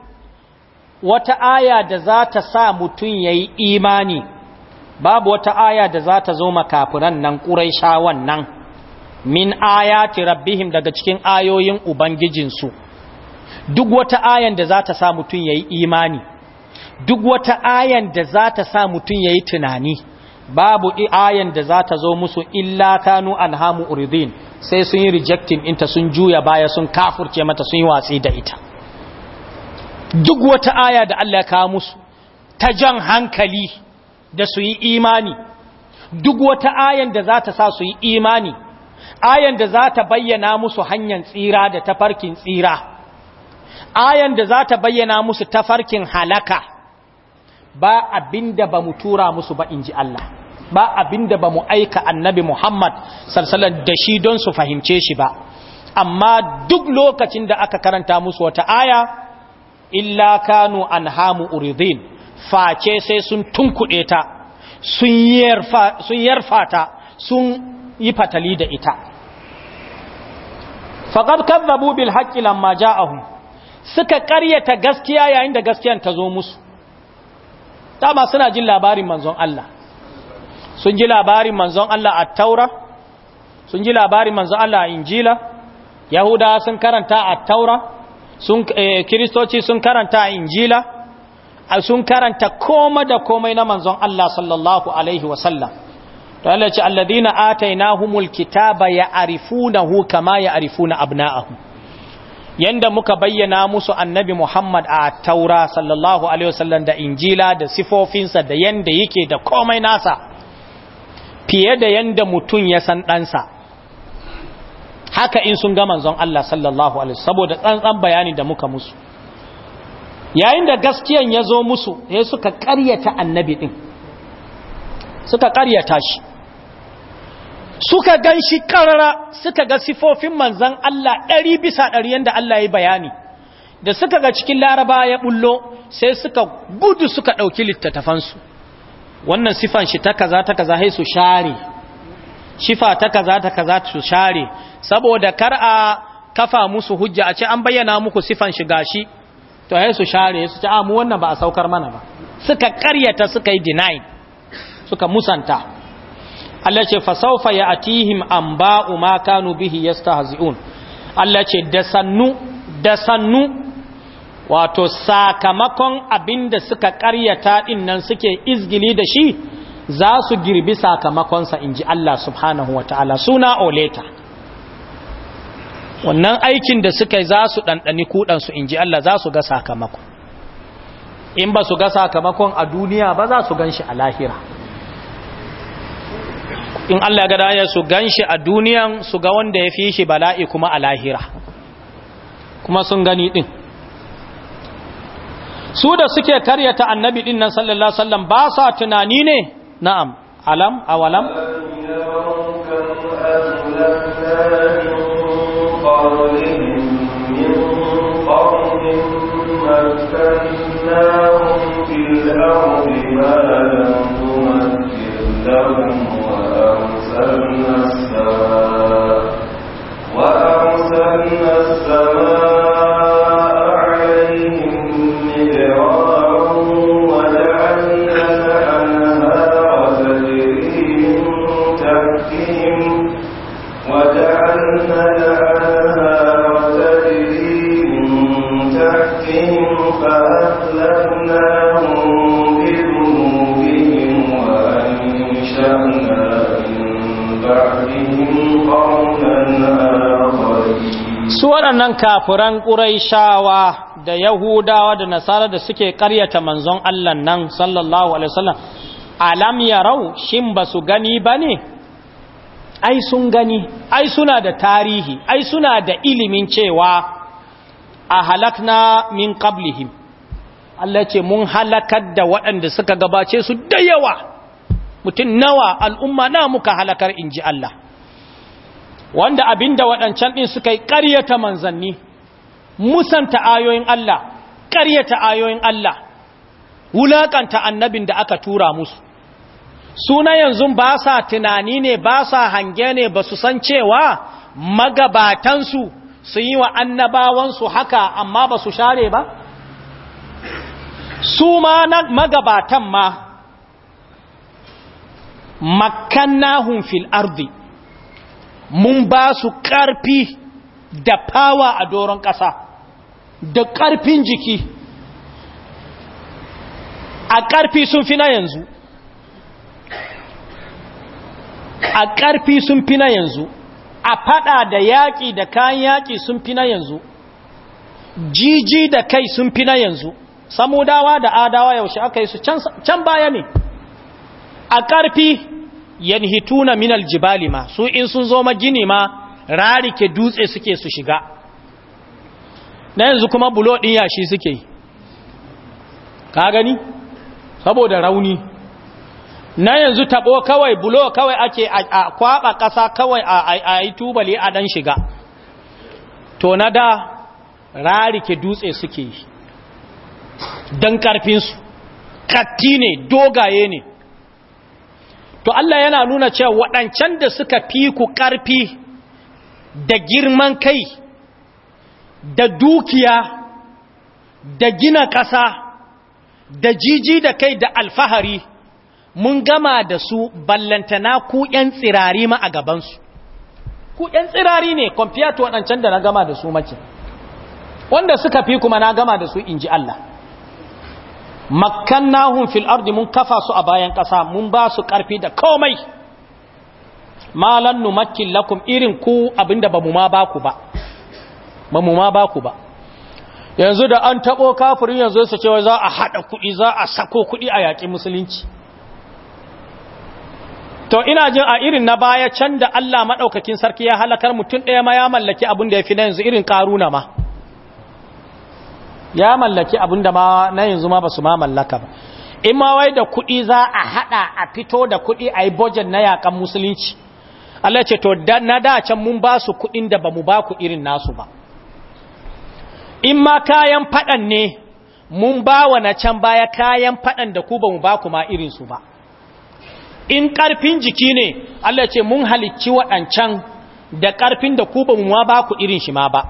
wata aya da za ta sa mutum ya yi imani babu wata aya da za ta zo makafiran nan ƙuraishawan nan min ayati rabbihim daga cikin ayoyin ubangijinsu duk wata ayan da za ta sa mutum ya yi imani duk wata ayan da za ta sa mutum ya yi tunani babu ayan da za ta zo musu illa kanu alhamu uridin sai sun yi rejectin inta sun juya baya sun kafurce mata sun yi watsi da ita duk wata aya da Allah ya kawo musu ta jan hankali da su yi imani duk wata ayan da za ta sa su yi imani ayan da za ta bayyana musu hanyar tsira da tafarkin tsira ayan da za ta bayyana musu tafarkin halaka ba abinda ba mu tura musu ba in ji Allah ba abinda ba mu aika annabi Muhammad sallallahu da shi don su fahimce shi ba amma duk lokacin da aka karanta musu wata aya illa kanu anhamu uridin face sai sun tunkuɗe ta sun yarfa sun ta sun yi fatali da ita faqad kadzabu bil haqqi lamma ja'ahum suka ƙaryata gaskiya yayin da gaskiyan ta zo musu dama suna jin labarin manzon Allah sun ji labarin manzon Allah a taura sun ji labarin manzon Allah a injila yahudawa sun karanta a taura eh, kiristoci sun karanta a injila sun karanta koma da komai na manzon Allah sallallahu alaihi wasallam to Allah ce alladhina atainahumul kitaba hu kama ya'rifuna abna'ahum yanda muka bayyana musu annabi Muhammad a taura sallallahu alaihi wasallam da injila da sifofinsa da yanda yake da komai nasa fiye da yanda mutum ya san ɗansa haka in sun ga manzon Allah sallallahu alaihi saboda tsantsan bayani da muka musu yayin da gaskiyan ya zo musu ya suka karyata annabi ɗin suka karyata shi suka gan shi karara suka ga sifofin manzan Allah ɗari bisa ɗari yadda Allah ya bayani da suka ga cikin laraba ya bullo sai suka gudu suka ɗauki littattafansu wannan sifan shi ta kaza ta kaza hai su share shifa ta kaza ta kaza su share saboda kar a kafa musu hujja a ce an bayyana muku sifan shi gashi to hai su share su ce a ah, mu wannan ba a saukar mana ba suka karyata suka yi deny suka musanta Allah ce fasaufa ya atihim an ba'u ma kanu bihi yastahzi'un Allah ce da sannu da sannu wato sakamakon abin da suka karyata nan suke izgili da shi za su girbi sakamakonsa in ji Allah subhanahu wa ta'ala suna oleta wannan aikin da suka yi za su ɗanɗani kuɗansu in ji Allah za su ga sakamakon? in ba su ga sakamakon a duniya ba za su gan shi a lahira in Allah ga daya su gan shi a duniyan su ga wanda ya fi shi bala'i kuma a lahira kuma sun gani ɗin su da suke karyata annabi din nan sallallahu alaihi wasallam ba sa tunani ne na'am alam awalam قَوْلِهِمْ مِنْ قَوْلٍ مَكَّنَّا waɗannan kafiran ƙuraishawa da yahudawa da nasara da suke ƙaryata manzon Allah nan sallallahu alaihi wasallam alam yarau shin ba su gani ba ne ai sun gani ai suna da tarihi ai suna da ilimin cewa a halakna min qablihim Allah ce mun halakar da waɗanda suka gabace su da yawa mutum nawa al'umma na muka halakar inji Allah wanda abinda waɗancan ɗin suka yi ƙaryata manzanni musanta ayoyin Allah ƙaryata ayoyin Allah wulaƙanta annabin da aka tura musu suna yanzu ba sa tunani ne ba sa hange ne ba su san cewa magabatansu su yi wa annabawansu haka amma ba su share ba su ma na magabatan ma makannahun fil ardi mun ba su ƙarfi da fawa a doron ƙasa da ƙarfin jiki a ƙarfi sun fi na yanzu a ƙarfi sun fi na yanzu a faɗa da yaƙi da kayan yaƙi sun fi na yanzu jiji da kai sun fi na yanzu samudawa da adawa yaushe aka yi su can baya ne a ƙarfi yanhituna minal jibali ma su in sun zo magini ma rarike dutse suke su shiga na yanzu kuma bulo din yashi suke yi ka gani saboda rauni na yanzu tabo kawai bulo kawai ake a kwaba kasa kawai a yi tubali a dan shiga to na da rarike dutse suke yi don karfinsu katti ne dogaye ne to Allah yana nuna cewa waɗancan da suka fi ku ƙarfi da girman kai da dukiya da gina ƙasa da jiji da kai da alfahari mun gama da su ballantana ku ƴan tsirari ma a gabansu ku ƴan tsirari ne kwamfiya to waɗancan da na gama da su mace wanda suka fi kuma na gama da su in ji Allah makkannahum fil ardi mun kafa su a bayan kasa mun ba su ƙarfi da komai malannu numakkin lakum irin ku abinda ba mu ma ba ku ba mu ma ba ku ba yanzu da an tabo kafirin yanzu su cewa za a hada kuɗi za a sako kuɗi a yaƙi musulunci to ina jin a irin na baya can da Allah madaukakin sarki ya halakar mutum ɗaya ma ya mallaki abin da ya fi na yanzu irin karuna ma ya mallaki abin da ma na yanzu ma ba su ma mallaka ba in ma wai da kuɗi za a haɗa a fito da kuɗi a yi bojan na yakan musulunci Allah ce to na da can mun ba su kuɗin da ba mu ba ku irin nasu ba in ma kayan faɗan ne mun ba wa na can baya kayan faɗan da ku ba mu ba ku ma irinsu ba in ƙarfin jiki ne Allah ce mun halicci waɗancan da ƙarfin da ku ba mu ma ba ku irin shi ma ba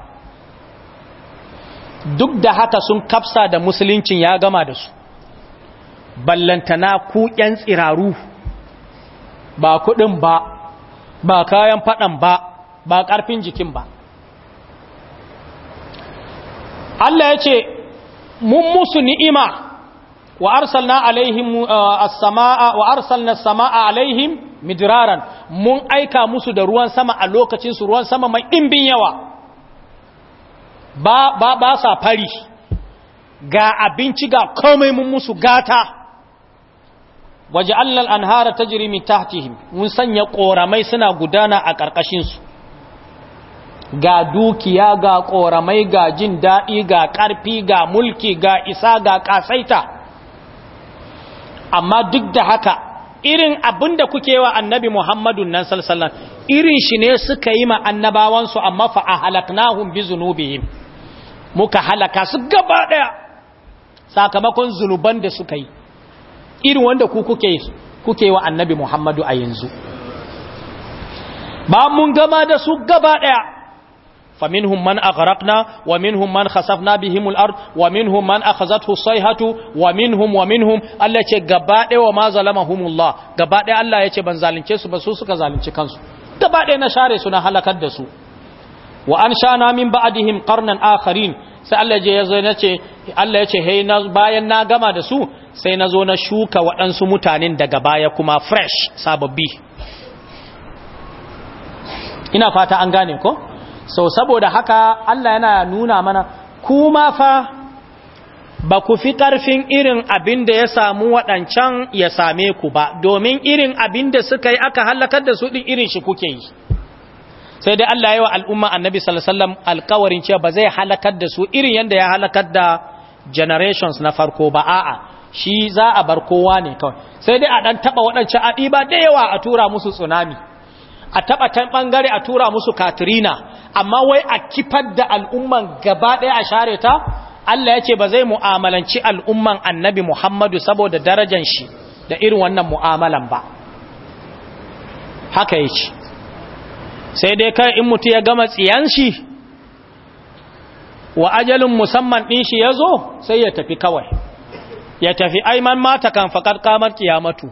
duk da haka sun kafsa da musuluncin ya gama da su ballantana ku ƴan tsiraru ba kuɗin ba ba kayan faɗan ba ba ƙarfin jikin ba Allah ya ce mun musu ni'ima wa arsalna alaihim uh, as-samaa wa arsalna as-samaa alaihim midraran mun aika musu da ruwan sama a lokacin su ruwan sama mai ɗimbin yawa ba, ba, sa fari ga abinci ga komai mun musu gata waje allal an hara ta jirimi tahtihim mun sanya ƙoramai suna gudana a ƙarƙashinsu ga dukiya ga ƙoramai ga jin daɗi ga ƙarfi ga mulki ga isa ga ƙasaita amma duk da haka irin abinda kuke wa annabi Muhammadu nan salsallan irin shi ne suka yi ma annabawansu amma fa a halaknahun bi zunubihim muka halaka su gaba ɗaya sakamakon zunuban da suka yi irin wanda ku kuke kuke wa annabi muhammadu a yanzu ba mun gama da su gaba ɗaya فمنهم من أغرقنا ومنهم من خسفنا بهم الأرض ومنهم من أخذته الصيحة ومنهم ومنهم الله يتي غباده وما ظلمهم الله غباده الله يتي بن ظالمce su ba su suka zalunci kansu gabaɗaya na share su na halakar da su wa an sha na min ba'dihim qarnan akharin sai Allah ya zo ce Allah ya ce hey na bayan na gama da su sai na zo na shuka waɗansu mutanen daga baya kuma fresh sababbi ina fata an gane ko so saboda haka Allah yana nuna mana kuma fa ba ku fi ƙarfin irin abin da ya samu waɗancan ya same ku ba domin irin abin da suka yi aka halakar da su ɗin irin shi kuke yi sai dai Allah ya wa al'umma annabi sallallahu alkawarin alƙawarin cewa ba zai halakar da su irin yanda ya halakar da generations na farko ba a'a shi za a bar kowa ne kawai sai dai a dan taɓa waɗancan adiba da yawa a tura musu tsunami a taɓa ta ɓangare a tura musu katrina amma wai a kifar da al'umman gaba ɗaya a share ta Allah ya ce ba zai mu'amalanci al'umman annabi Muhammadu saboda darajan shi da irin wannan mu'amalan ba haka ya ce sai dai kai in mutu ya gama tsiyan shi wa ajalin musamman ɗin shi ya zo sai ya tafi kawai ya tafi aiman mata kan faƙar kamar kiyamatu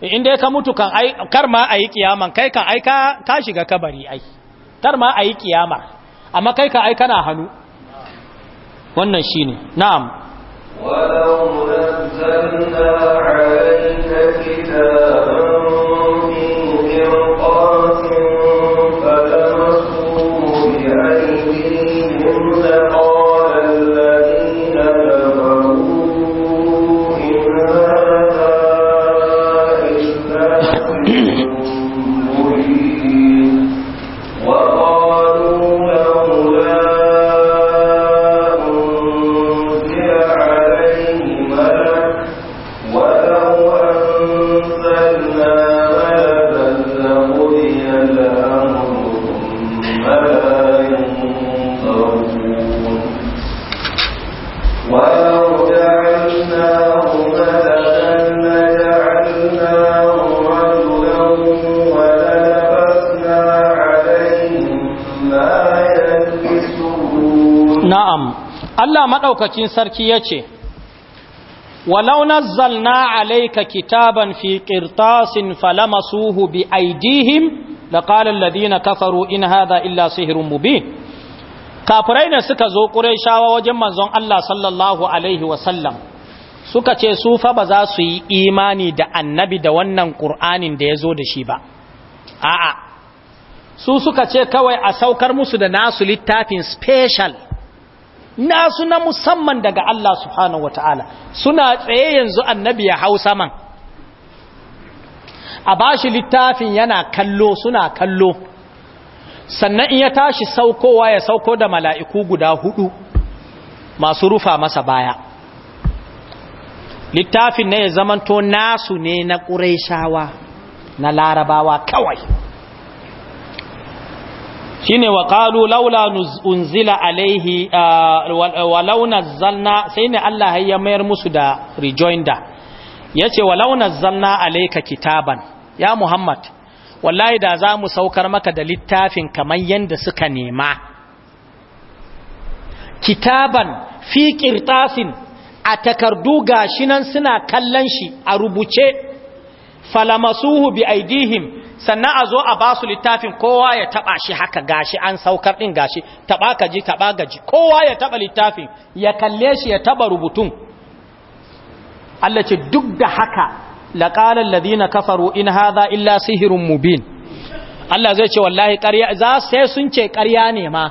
in dai ka mutu kan kar ma a yi kiyaman kai kan ai ka shiga kabari ai kar ma a yi kiyamar amma kai kan ai kana hannu wannan shi ne na'am ولو نزلنا عليك كتابا maɗaukakin sarki ya ce walau nazzalna alaika kitaban fi falama suhu bi aidihim laqala alladhina kafaru in hada illa sihrun mubi kafirai ne suka zo shawa wajen manzon Allah sallallahu alaihi wasallam suka ce su fa ba za su yi imani da annabi da wannan ƙur'anin da ya zo da shi ba a'a su suka ce kawai a saukar musu da nasu littafin special nasu na musamman daga Allah subhanahu wata'ala suna tsaye yanzu annabi ya hau saman a bashi littafin yana kallo suna kallo sannan in ya tashi saukowa ya sauko da mala'iku guda hudu masu rufa masa baya littafin na ya zamanto nasu ne na ƙuraishawa na larabawa kawai shine wa qalu laula unzila alaihi wa launa zanna sai ne Allah ya mayar musu da rejoinder yace wa launa zanna alayka kitaban ya Muhammad wallahi da za mu saukar maka da littafin kamar yanda suka nema kitaban fi qirtasin a takardu gashinan suna kallon shi a rubuce falamasuhu bi aidihim sannan a zo a ba su littafin kowa ya taba shi haka gashi an saukar din gashi taba ka ji taba gaji kowa ya taba littafin ya kalle shi ya taba rubutun Allah ce duk da haka laqala alladhina kafaru in hadha illa sihrun mubin Allah zai ce wallahi ƙarya za sai sun ce ƙarya ne ma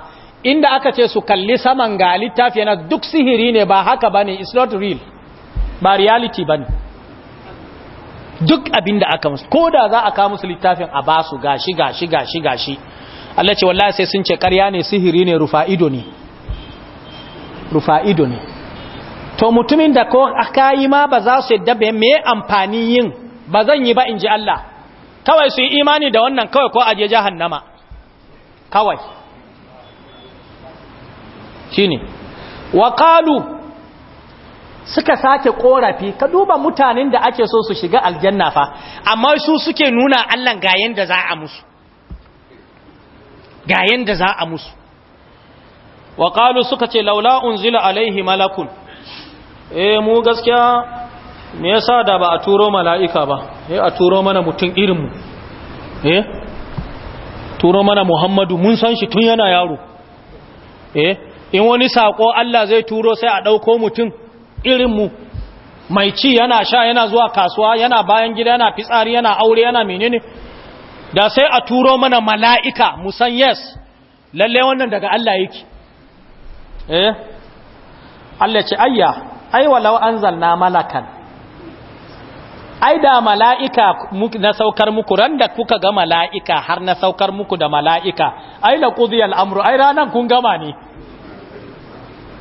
inda aka ce su kalli saman ga littafi na duk sihiri ne ba haka bane it's not real ba reality bane duk abin da aka musu ko da za a kawo musu littafin a basu gashi gashi gashi gashi Allah ce wallahi sai sun ce ƙarya ne sihiri ne rufa'ido ne rufa'ido ne to mutumin da ko aka yi ma ba za su yadda ba me amfani yin ba zan yi ba in ji Allah kawai su yi imani da wannan kawai ko aje jahannama kawai shine wa qalu suka sake korafi ka duba mutanen da ake so su shiga aljanna fa amma su suke nuna Allah ga yanda za a musu ga yanda za a musu wa qalu suka ce laula unzila alaihi malakun eh mu gaskiya me yasa da ba a turo mala'ika ba eh a turo mana mutum irin mu eh turo mana Muhammadu mun san shi tun yana yaro eh in wani sako Allah zai turo sai a dauko mutum irinmu mai ci yana sha yana zuwa kasuwa yana bayan gida yana fitsari yana aure yana menene da sai a turo mana mala'ika musan yes lalle wannan daga Allah yake eh Allah ce ayya ai walau zanna malakan ai da mala'ika na saukar muku ran da kuka ga mala'ika har na saukar muku da mala'ika ai da qudiyal amru ai ranar kun gama ne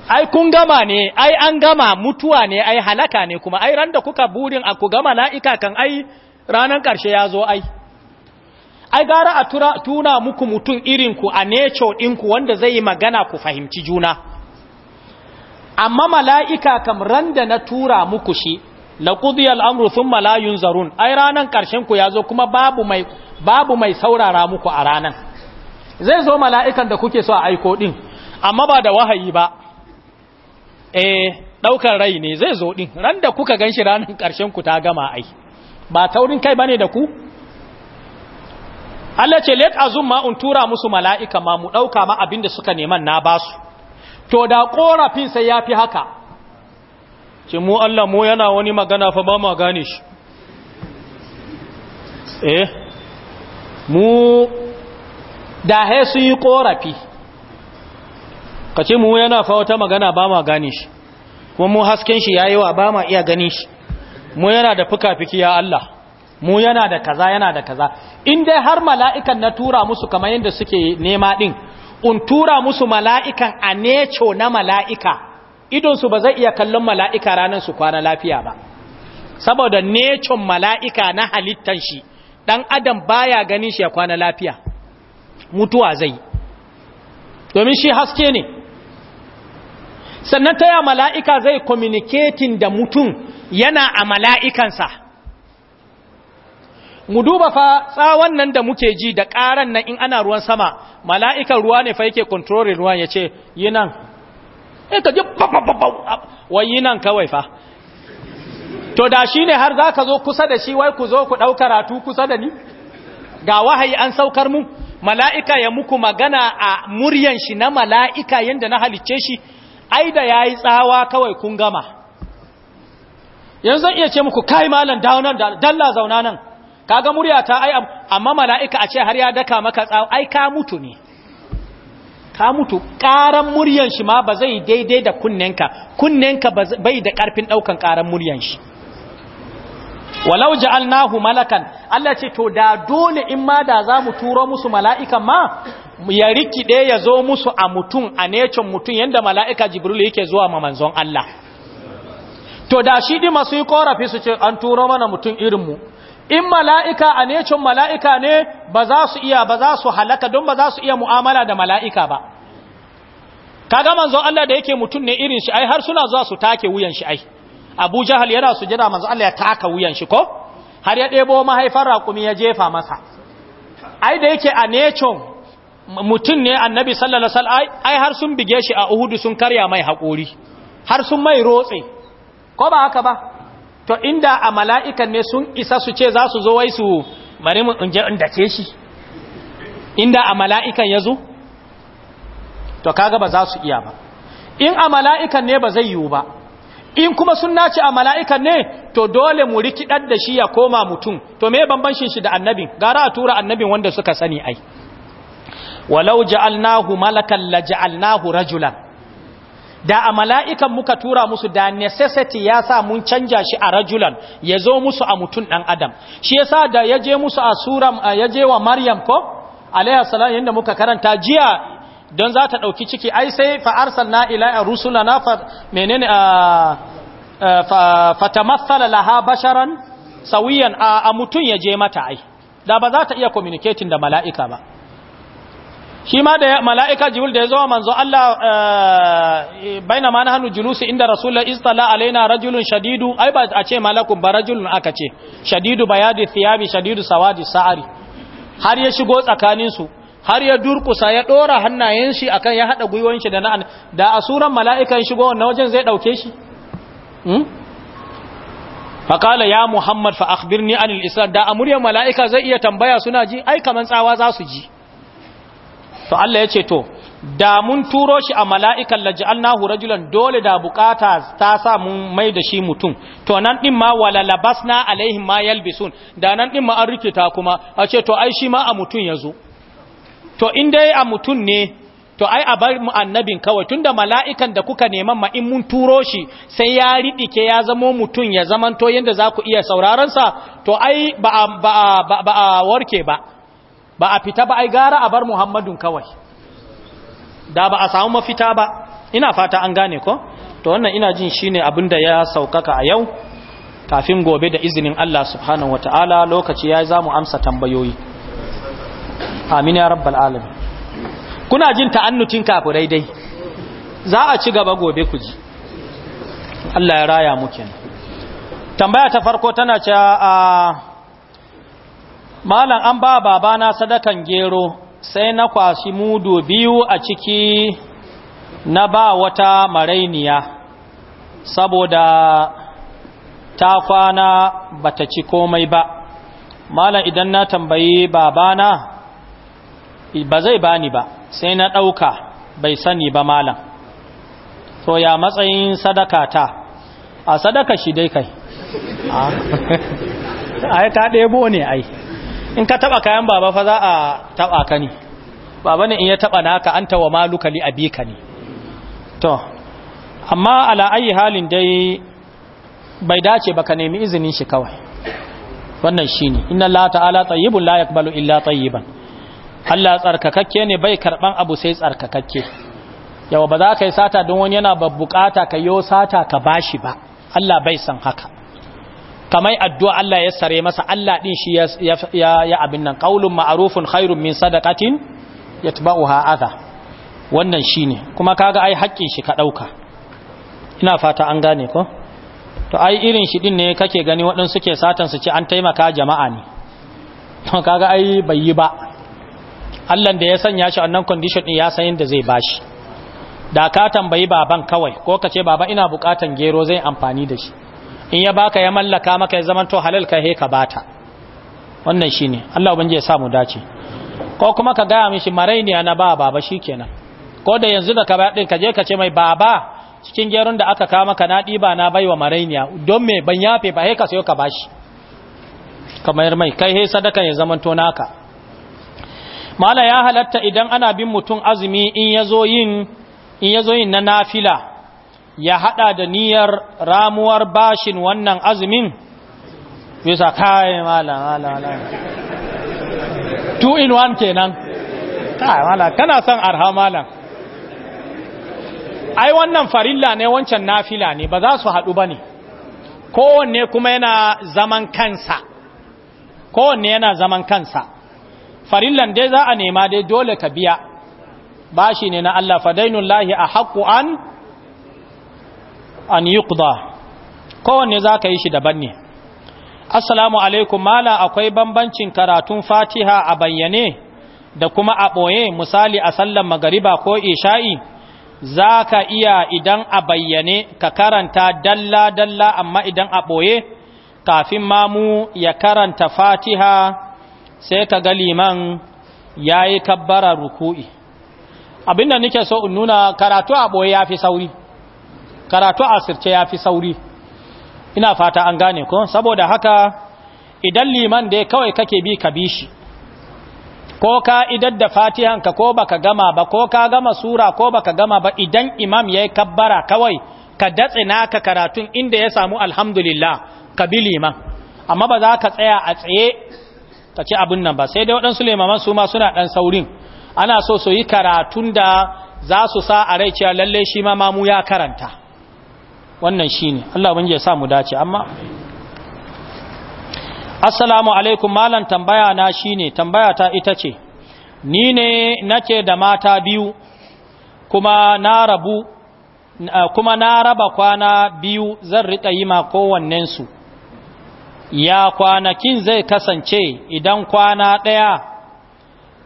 ai kun gama ne ai an gama mutuwa ne ai halaka ne kuma ai randa kuka burin a ku gama la'ika kan ai ranan ƙarshe ya zo ai ai gara a tura, tuna muku mutum ku a neco ɗinku wanda zai yi magana ku fahimci juna amma mala'ika kam randa na tura muku shi la ƙudiyar amru sun malayun zarun ai ranan ƙarshenku ya zo kuma babu mai, babu mai saurara muku a ranan zai zo mala'ikan da kuke so a aiko ɗin amma ba da wahayi ba eh daukar rai ne zai zo din ran da kuka ganshi ranar karshen ku ta gama ai ba taurin kai bane da ku Allah ce let azum ma un tura musu mala'ika ma mu dauka ma abinda suka neman na basu to da korafin sai yafi haka ce mu Allah mu yana wani magana fa ba mu gane shi eh mu da Hesu yi korafi ka ce mu yana fa wata magana ba ma gane shi kuma mu hasken shi yayi wa ba ma iya gane shi mu yana da fuka-fiki ya Allah mu yana da kaza yana da kaza in dai har mala'ikan na tura musu kamar yadda suke nema din un tura musu mala'ikan a neco na mala'ika idonsu ba zai iya kallon mala'ika ranar su kwana lafiya ba saboda necon mala'ika na halittar shi ɗan adam baya ganin shi ya kwana lafiya mutuwa zai domin shi haske ne sannan ta ya mala'ika zai communicating da mutum yana a mala'ikansa mu duba fa tsawon nan da muke ji da ƙaran nan in ana ruwan sama mala'ikan ruwa ne fa yake controlling ruwan ya ce yi nan e ka ji wai yi nan kawai fa to da shi ne har za ka zo kusa da shi wai ku zo ku ɗau karatu kusa da ni ga wahayi an saukar mu mala'ika ya muku magana a muryar shi na mala'ika yadda na halicce shi ai da yayi tsawa kawai kun gama yanzu zan iya ce muku kai malam dawo nan dalla zauna nan kaga murya ta ai amma mala'ika a ce har ya daka maka tsawa ai ka mutu ne ka mutu karan muryan shi ma ba zai daidai da kunnenka kunnenka bai da karfin daukan karan muryan shi walau ja'alnahu malakan Allah ce to da dole in ma da zamu mu turo musu mala'ikan ma ya rikide ya zo musu a mutum a necin mutum yadda mala'ika jibril yake zuwa ma manzon Allah to da shi di masu yi korafi su ce an turo mana mutum mu. in mala'ika a necin mala'ika ne ba za su iya ba za su halaka don ba za su iya mu'amala da mala'ika ba kaga manzon Allah da yake mutum ne irin shi ai har suna zuwa su take wuyan shi ai abu jahal yana su jira manzo Allah ya taka wuyan shi ko har ya ɗebo mahaifar raƙumi ya jefa masa ai da yake a necon mutum ne annabi sallallahu alaihi ai har sun bige shi a uhudu sun karya mai haƙori har sun mai rotse ko ba haka ba to inda a mala'ikan ne sun isa su ce za su zo wai su bari mu inje in ke shi inda a mala'ikan ya to kaga ba za su iya ba in a mala'ikan ne ba zai yiwu ba in kuma sun nace a mala'ikan ne to dole mu rikidar da shi ya koma mutum to me bambancin shi da annabin gara a tura annabin wanda suka sani ai walau ja'alnahu malakan la ja'alnahu rajulan da a mala'ikan muka tura musu da necessity ya sa mun canja shi a rajulan ya zo musu a mutum ɗan adam shi ya sa da ya je musu a suram ya je wa maryam ko alaihi salam yadda muka karanta jiya don za ta ɗauki ciki ai sai fa'arsal na ila'a rusula na menene a fatamassala laha basharan sauyan a mutum ya je mata ai da ba za ta iya communicating da mala'ika ba shi ma da mala'ika jibril da ya zo manzo Allah baina ma nahnu julusi inda rasulullah istala alaina rajulun shadidu ai ba a ce malakun ba rajulun aka ce shadidu bayadi thiyabi shadidu sawadi sa'ari har ya shigo tsakanin su har ya durkusa ya dora hannayen shi akan ya hada gwiwon shi da na'an da asuran mala'ikan shigo wannan wajen zai dauke shi hmm? fa kala ya muhammad fa akhbirni anil isra da amuriyar mala'ika zai iya tambaya suna ji ai kaman tsawa za su ji to Allah ya ce to da mun turo shi a mala'ikan laj'alnahu rajulan dole da bukata ta sa mun mai da shi mutum to nan din ma wala labasna alaihim ma yalbisun da nan din ma an rikita kuma a ce to ai shi ma a mutum ya zo. to in dai a mutum ne to ai a bar mu annabin kawai tunda mala'ikan da kuka neman ma in mun turo shi sai ya riɗike ya zamo mutum ya zamanto yadda za ku iya sa, to ai ba a, ba warke ba ba a fita ba ai gara a bar muhammadun kawai da ba a samu mafita ba ina fata an gane ko to wannan ina jin shine abin da ya saukaka a yau kafin gobe da izinin Allah subhanahu wataala lokaci ya za mu amsa tambayoyi amin ya rabbal alamin kuna jin ta'annucin kafirai dai za a ci gaba gobe ku ji Allah ya raya mu tambaya ta farko tana ce a malam an ba babana sadakan gero sai na kwashi mudu biyu a ciki na ba wata marainiya saboda ta kwana bata ci komai ba malam idan na tambayi babana ba zai bani ba sai na ɗauka bai sani ba malam to ya matsayin sadaka ta a sadaka shi dai kai ah. <laughs> ai ta ɗebo ne ai in ka taɓa kayan baba fa za a taɓa ka ne baba ne in ya taɓa naka an tawa maluka a abi ka ne to amma ala ayi halin dai bai dace ba ka nemi izinin shi kawai wannan shine inna allaha ta'ala tayyibun la yaqbalu illa tayyiban Allah tsarkakakke ne bai karban abu sai tsarkakakke yawa ba za ka yi sata don wani yana babbukata ka yiwa sata ka bashi ba Allah bai san haka Kamai addu'a Allah ya sare masa Allah din shi ya abin nan qaulun ma'rufun khairun min sadaqatin yatba'uha adha wannan shine kuma kaga ai haƙƙin shi ka ɗauka ina fata an gane ko to ai irin shi din ne kake gani waɗansu suke satan su ci an taimaka jama'a ne to kaga ai bai yi ba Allah da ya sanya shi wannan condition din ya san yadda zai bashi da ka tambayi baban kawai ko ka ce baba ina bukatan gero zai amfani da shi in ya baka ya mallaka maka ya zamanto halal ka he ka bata wannan shine Allah ubangi ya sa mu dace ko kuma ka gaya mishi marainiya na ba baba shikenan ko da yanzu da ka ba din ka je ka ce mai baba cikin geron da aka kama ka na ba na baiwa marainiya don me ban yafe ba he ka sayo ka bashi kamar mai kai he sadaka ya zamanto naka mala ya halatta idan ana bin mutum azumi in yazo yin in yazo yin na nafila ya hada da niyyar ramuwar bashin wannan azumin bisa kai mala mala mala two in one kenan kai mala kana son arha mala ai wannan farilla ne wancan nafila ne ba za su hadu bane kowanne kuma yana zaman kansa kowanne yana zaman kansa farillan dai za a nema dai dole ka biya bashi ne na Allah fadainun lahi a haƙu an an yi kowanne za ka yi shi daban ne assalamu alaikum mala akwai bambancin karatun fatiha a bayyane da kuma a ɓoye misali a sallan magariba ko isha'i za ka iya idan a bayyane ka karanta dalla-dalla amma idan a ɓoye kafin mamu ya karanta fatiha sai ka ga liman ya yi kabbara ruku'i abinda nake so in nuna karatu a ɓoye ya fi sauri karatu a sirce ya fi sauri ina fata an gane ko saboda haka idan liman dai kawai kake bi ka bi shi ko ka idar da fatihanka ko baka gama ba ko ka gama sura ko baka gama ba idan imam ya yi kabbara kawai ka datse naka karatun inda ya samu alhamdulillah ka bi liman amma ba za ka tsaya a tsaye ka ci abin nan ba sai dai waɗansu limaman su ma suna ɗan saurin ana so su yi karatun da za su sa a rai cewa lalle shi ma mamu ya karanta wannan shi ne Allah ubangiji ya sa mu dace amma assalamu alaikum malam tambaya na shi ne tambaya ta ita ce ni ne nake da mata biyu kuma na rabu kuma na raba kwana biyu zan riƙa yi ma kowannensu ya kwanakin zai kasance idan kwana ɗaya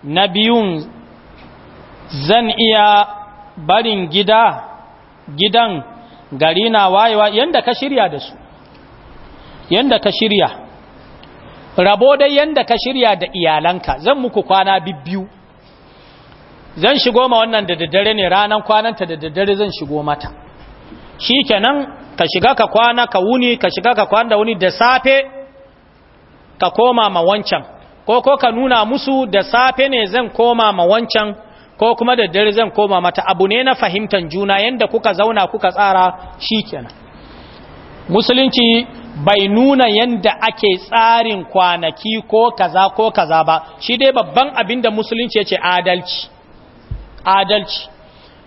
na biyun zan iya barin gida gidan gari na wayewa yadda ka shirya da su yadda ka shirya rabo dai yadda ka shirya da iyalanka zan muku kwana bibbiyu zan shigo ma wannan da daddare ne ranar kwananta da daddare zan shigo mata shi kenan ka shiga ka kwana ka wuni ka shiga ka kwana da wuni da safe ka koma ma wancan ko ko ka nuna musu da safe ne zan koma ma wancan ko kuma da dare zan koma mata abu ne na fahimtar juna yanda kuka zauna kuka tsara shikenan musulunci bai nuna yanda ake tsarin kwanaki ko kaza ko kaza ba shi dai babban abin da musulunci ya ce adalci adalci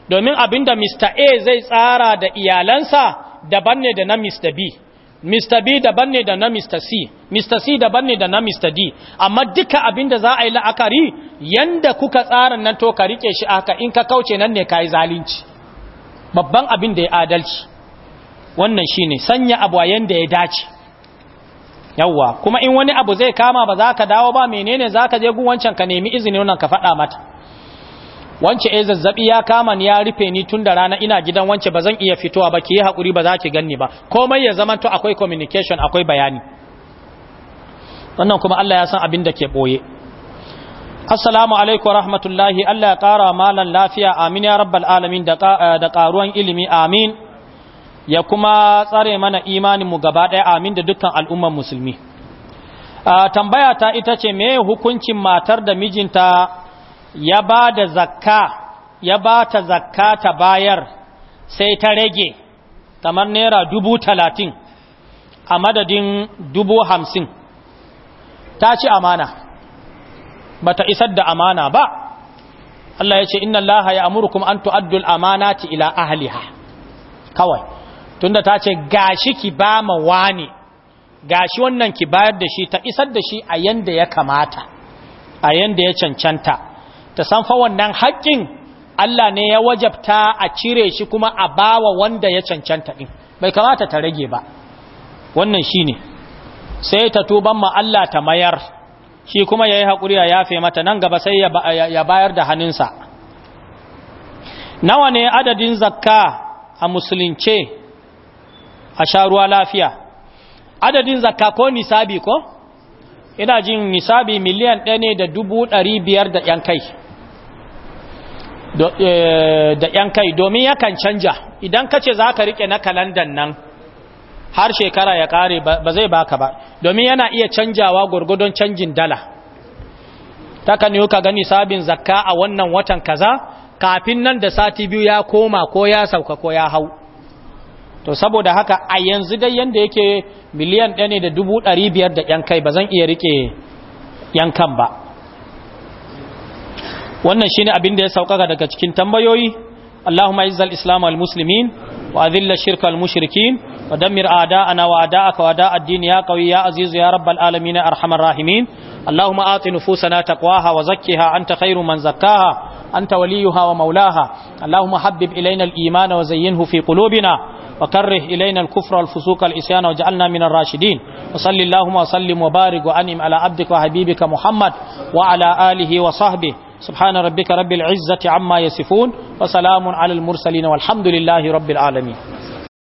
domin abin da mr a zai tsara da iyalansa daban ne da na mr b Mr. B daban ne da na Mr. C, Mr. C daban ne da na Mr. D, amma duka abin da za a yi la'akari yanda kuka tsarin nan to ka rike shi aka in ka kauce nan ne ka yi zalunci. Babban abin da ya adalci, wannan shi ne sanya abu yanda ya dace. Yawwa, kuma in wani abu zai kama ba za ka dawo ba menene za ka je guwancan ka nemi izini wannan ka faɗa mata. wance eh zazzabi ya kama ni ya rufe ni tun da rana ina gidan wance ba zan iya fitowa ba ki yi hakuri ba za ki ganni ba komai ya zama to akwai communication akwai bayani wannan kuma Allah ya san abin da ke boye assalamu alaikum rahmatullahi Allah ya kara malan lafiya amin ya rabbal alamin da karuwan eh, ilimi amin ya kuma tsare mana imanin mu gaba daya amin da dukkan al'umman musulmi ah, tambaya ta ita ce me hukuncin matar da mijinta ya ba da zakka ya ba ta zakka ta bayar sai ta rage kamar naira dubu talatin a madadin dubu hamsin ta ci amana ba ta isar da amana ba Allah ya ce inna Allah ya amurkum an tu'addul amanati ila ahliha kawai tunda ta ce gashi ki ba ma wani gashi wannan ki bayar da shi ta isar da shi a yanda ya kamata a yanda ya cancanta ta san fa wannan haƙƙin Allah ne ya wajabta a cire shi kuma a bawa wanda ya cancanta din bai kamata ta rage ba wannan shine sai ta tuban ma Allah ta mayar shi kuma yayi hakuri ya yafe mata nan gaba sai ya bayar da hannunsa nawa ne adadin zakka a musulunce a sha ruwa lafiya adadin zakka ko nisabi ko ina jin nisabi miliyan ɗaya ne da dubu ɗari biyar da ‘yan kai Eh, da ‘yan kai domin yakan canja idan ka ce za ka riƙe na kalandan nan har shekara ya ƙare ba zai baka ba domin yana iya canjawa gwargwadon canjin dala takan yi ka gani sabin zakka a wannan watan kaza kafin nan da sati biyu ya koma ko ya sauka ko ya hau to saboda haka a yanzu dai yanda yake miliyan ɗaya ne da dubu ɗari biyar da ‘yan kai ba zan iya riƙe ‘yan kan ba wannan shine abin da ya saukaka daga cikin tambayoyi اللهم اعز الاسلام والمسلمين واذل الشرك والمشركين ودمر اعداءنا واعداءك واعداء الدين يا قوي يا عزيز يا رب العالمين ارحم الراحمين اللهم آت نفوسنا تقواها وزكها أنت خير من زكاها أنت وليها ومولاها اللهم حبب إلينا الإيمان وزينه في قلوبنا وكره إلينا الكفر والفسوق والعصيان واجعلنا من الراشدين وصل اللهم وسلم وبارك وأنم على عبدك وحبيبك محمد وعلى آله وصحبه سبحان ربك رب العزة عما يصفون وسلام على المرسلين والحمد لله رب العالمين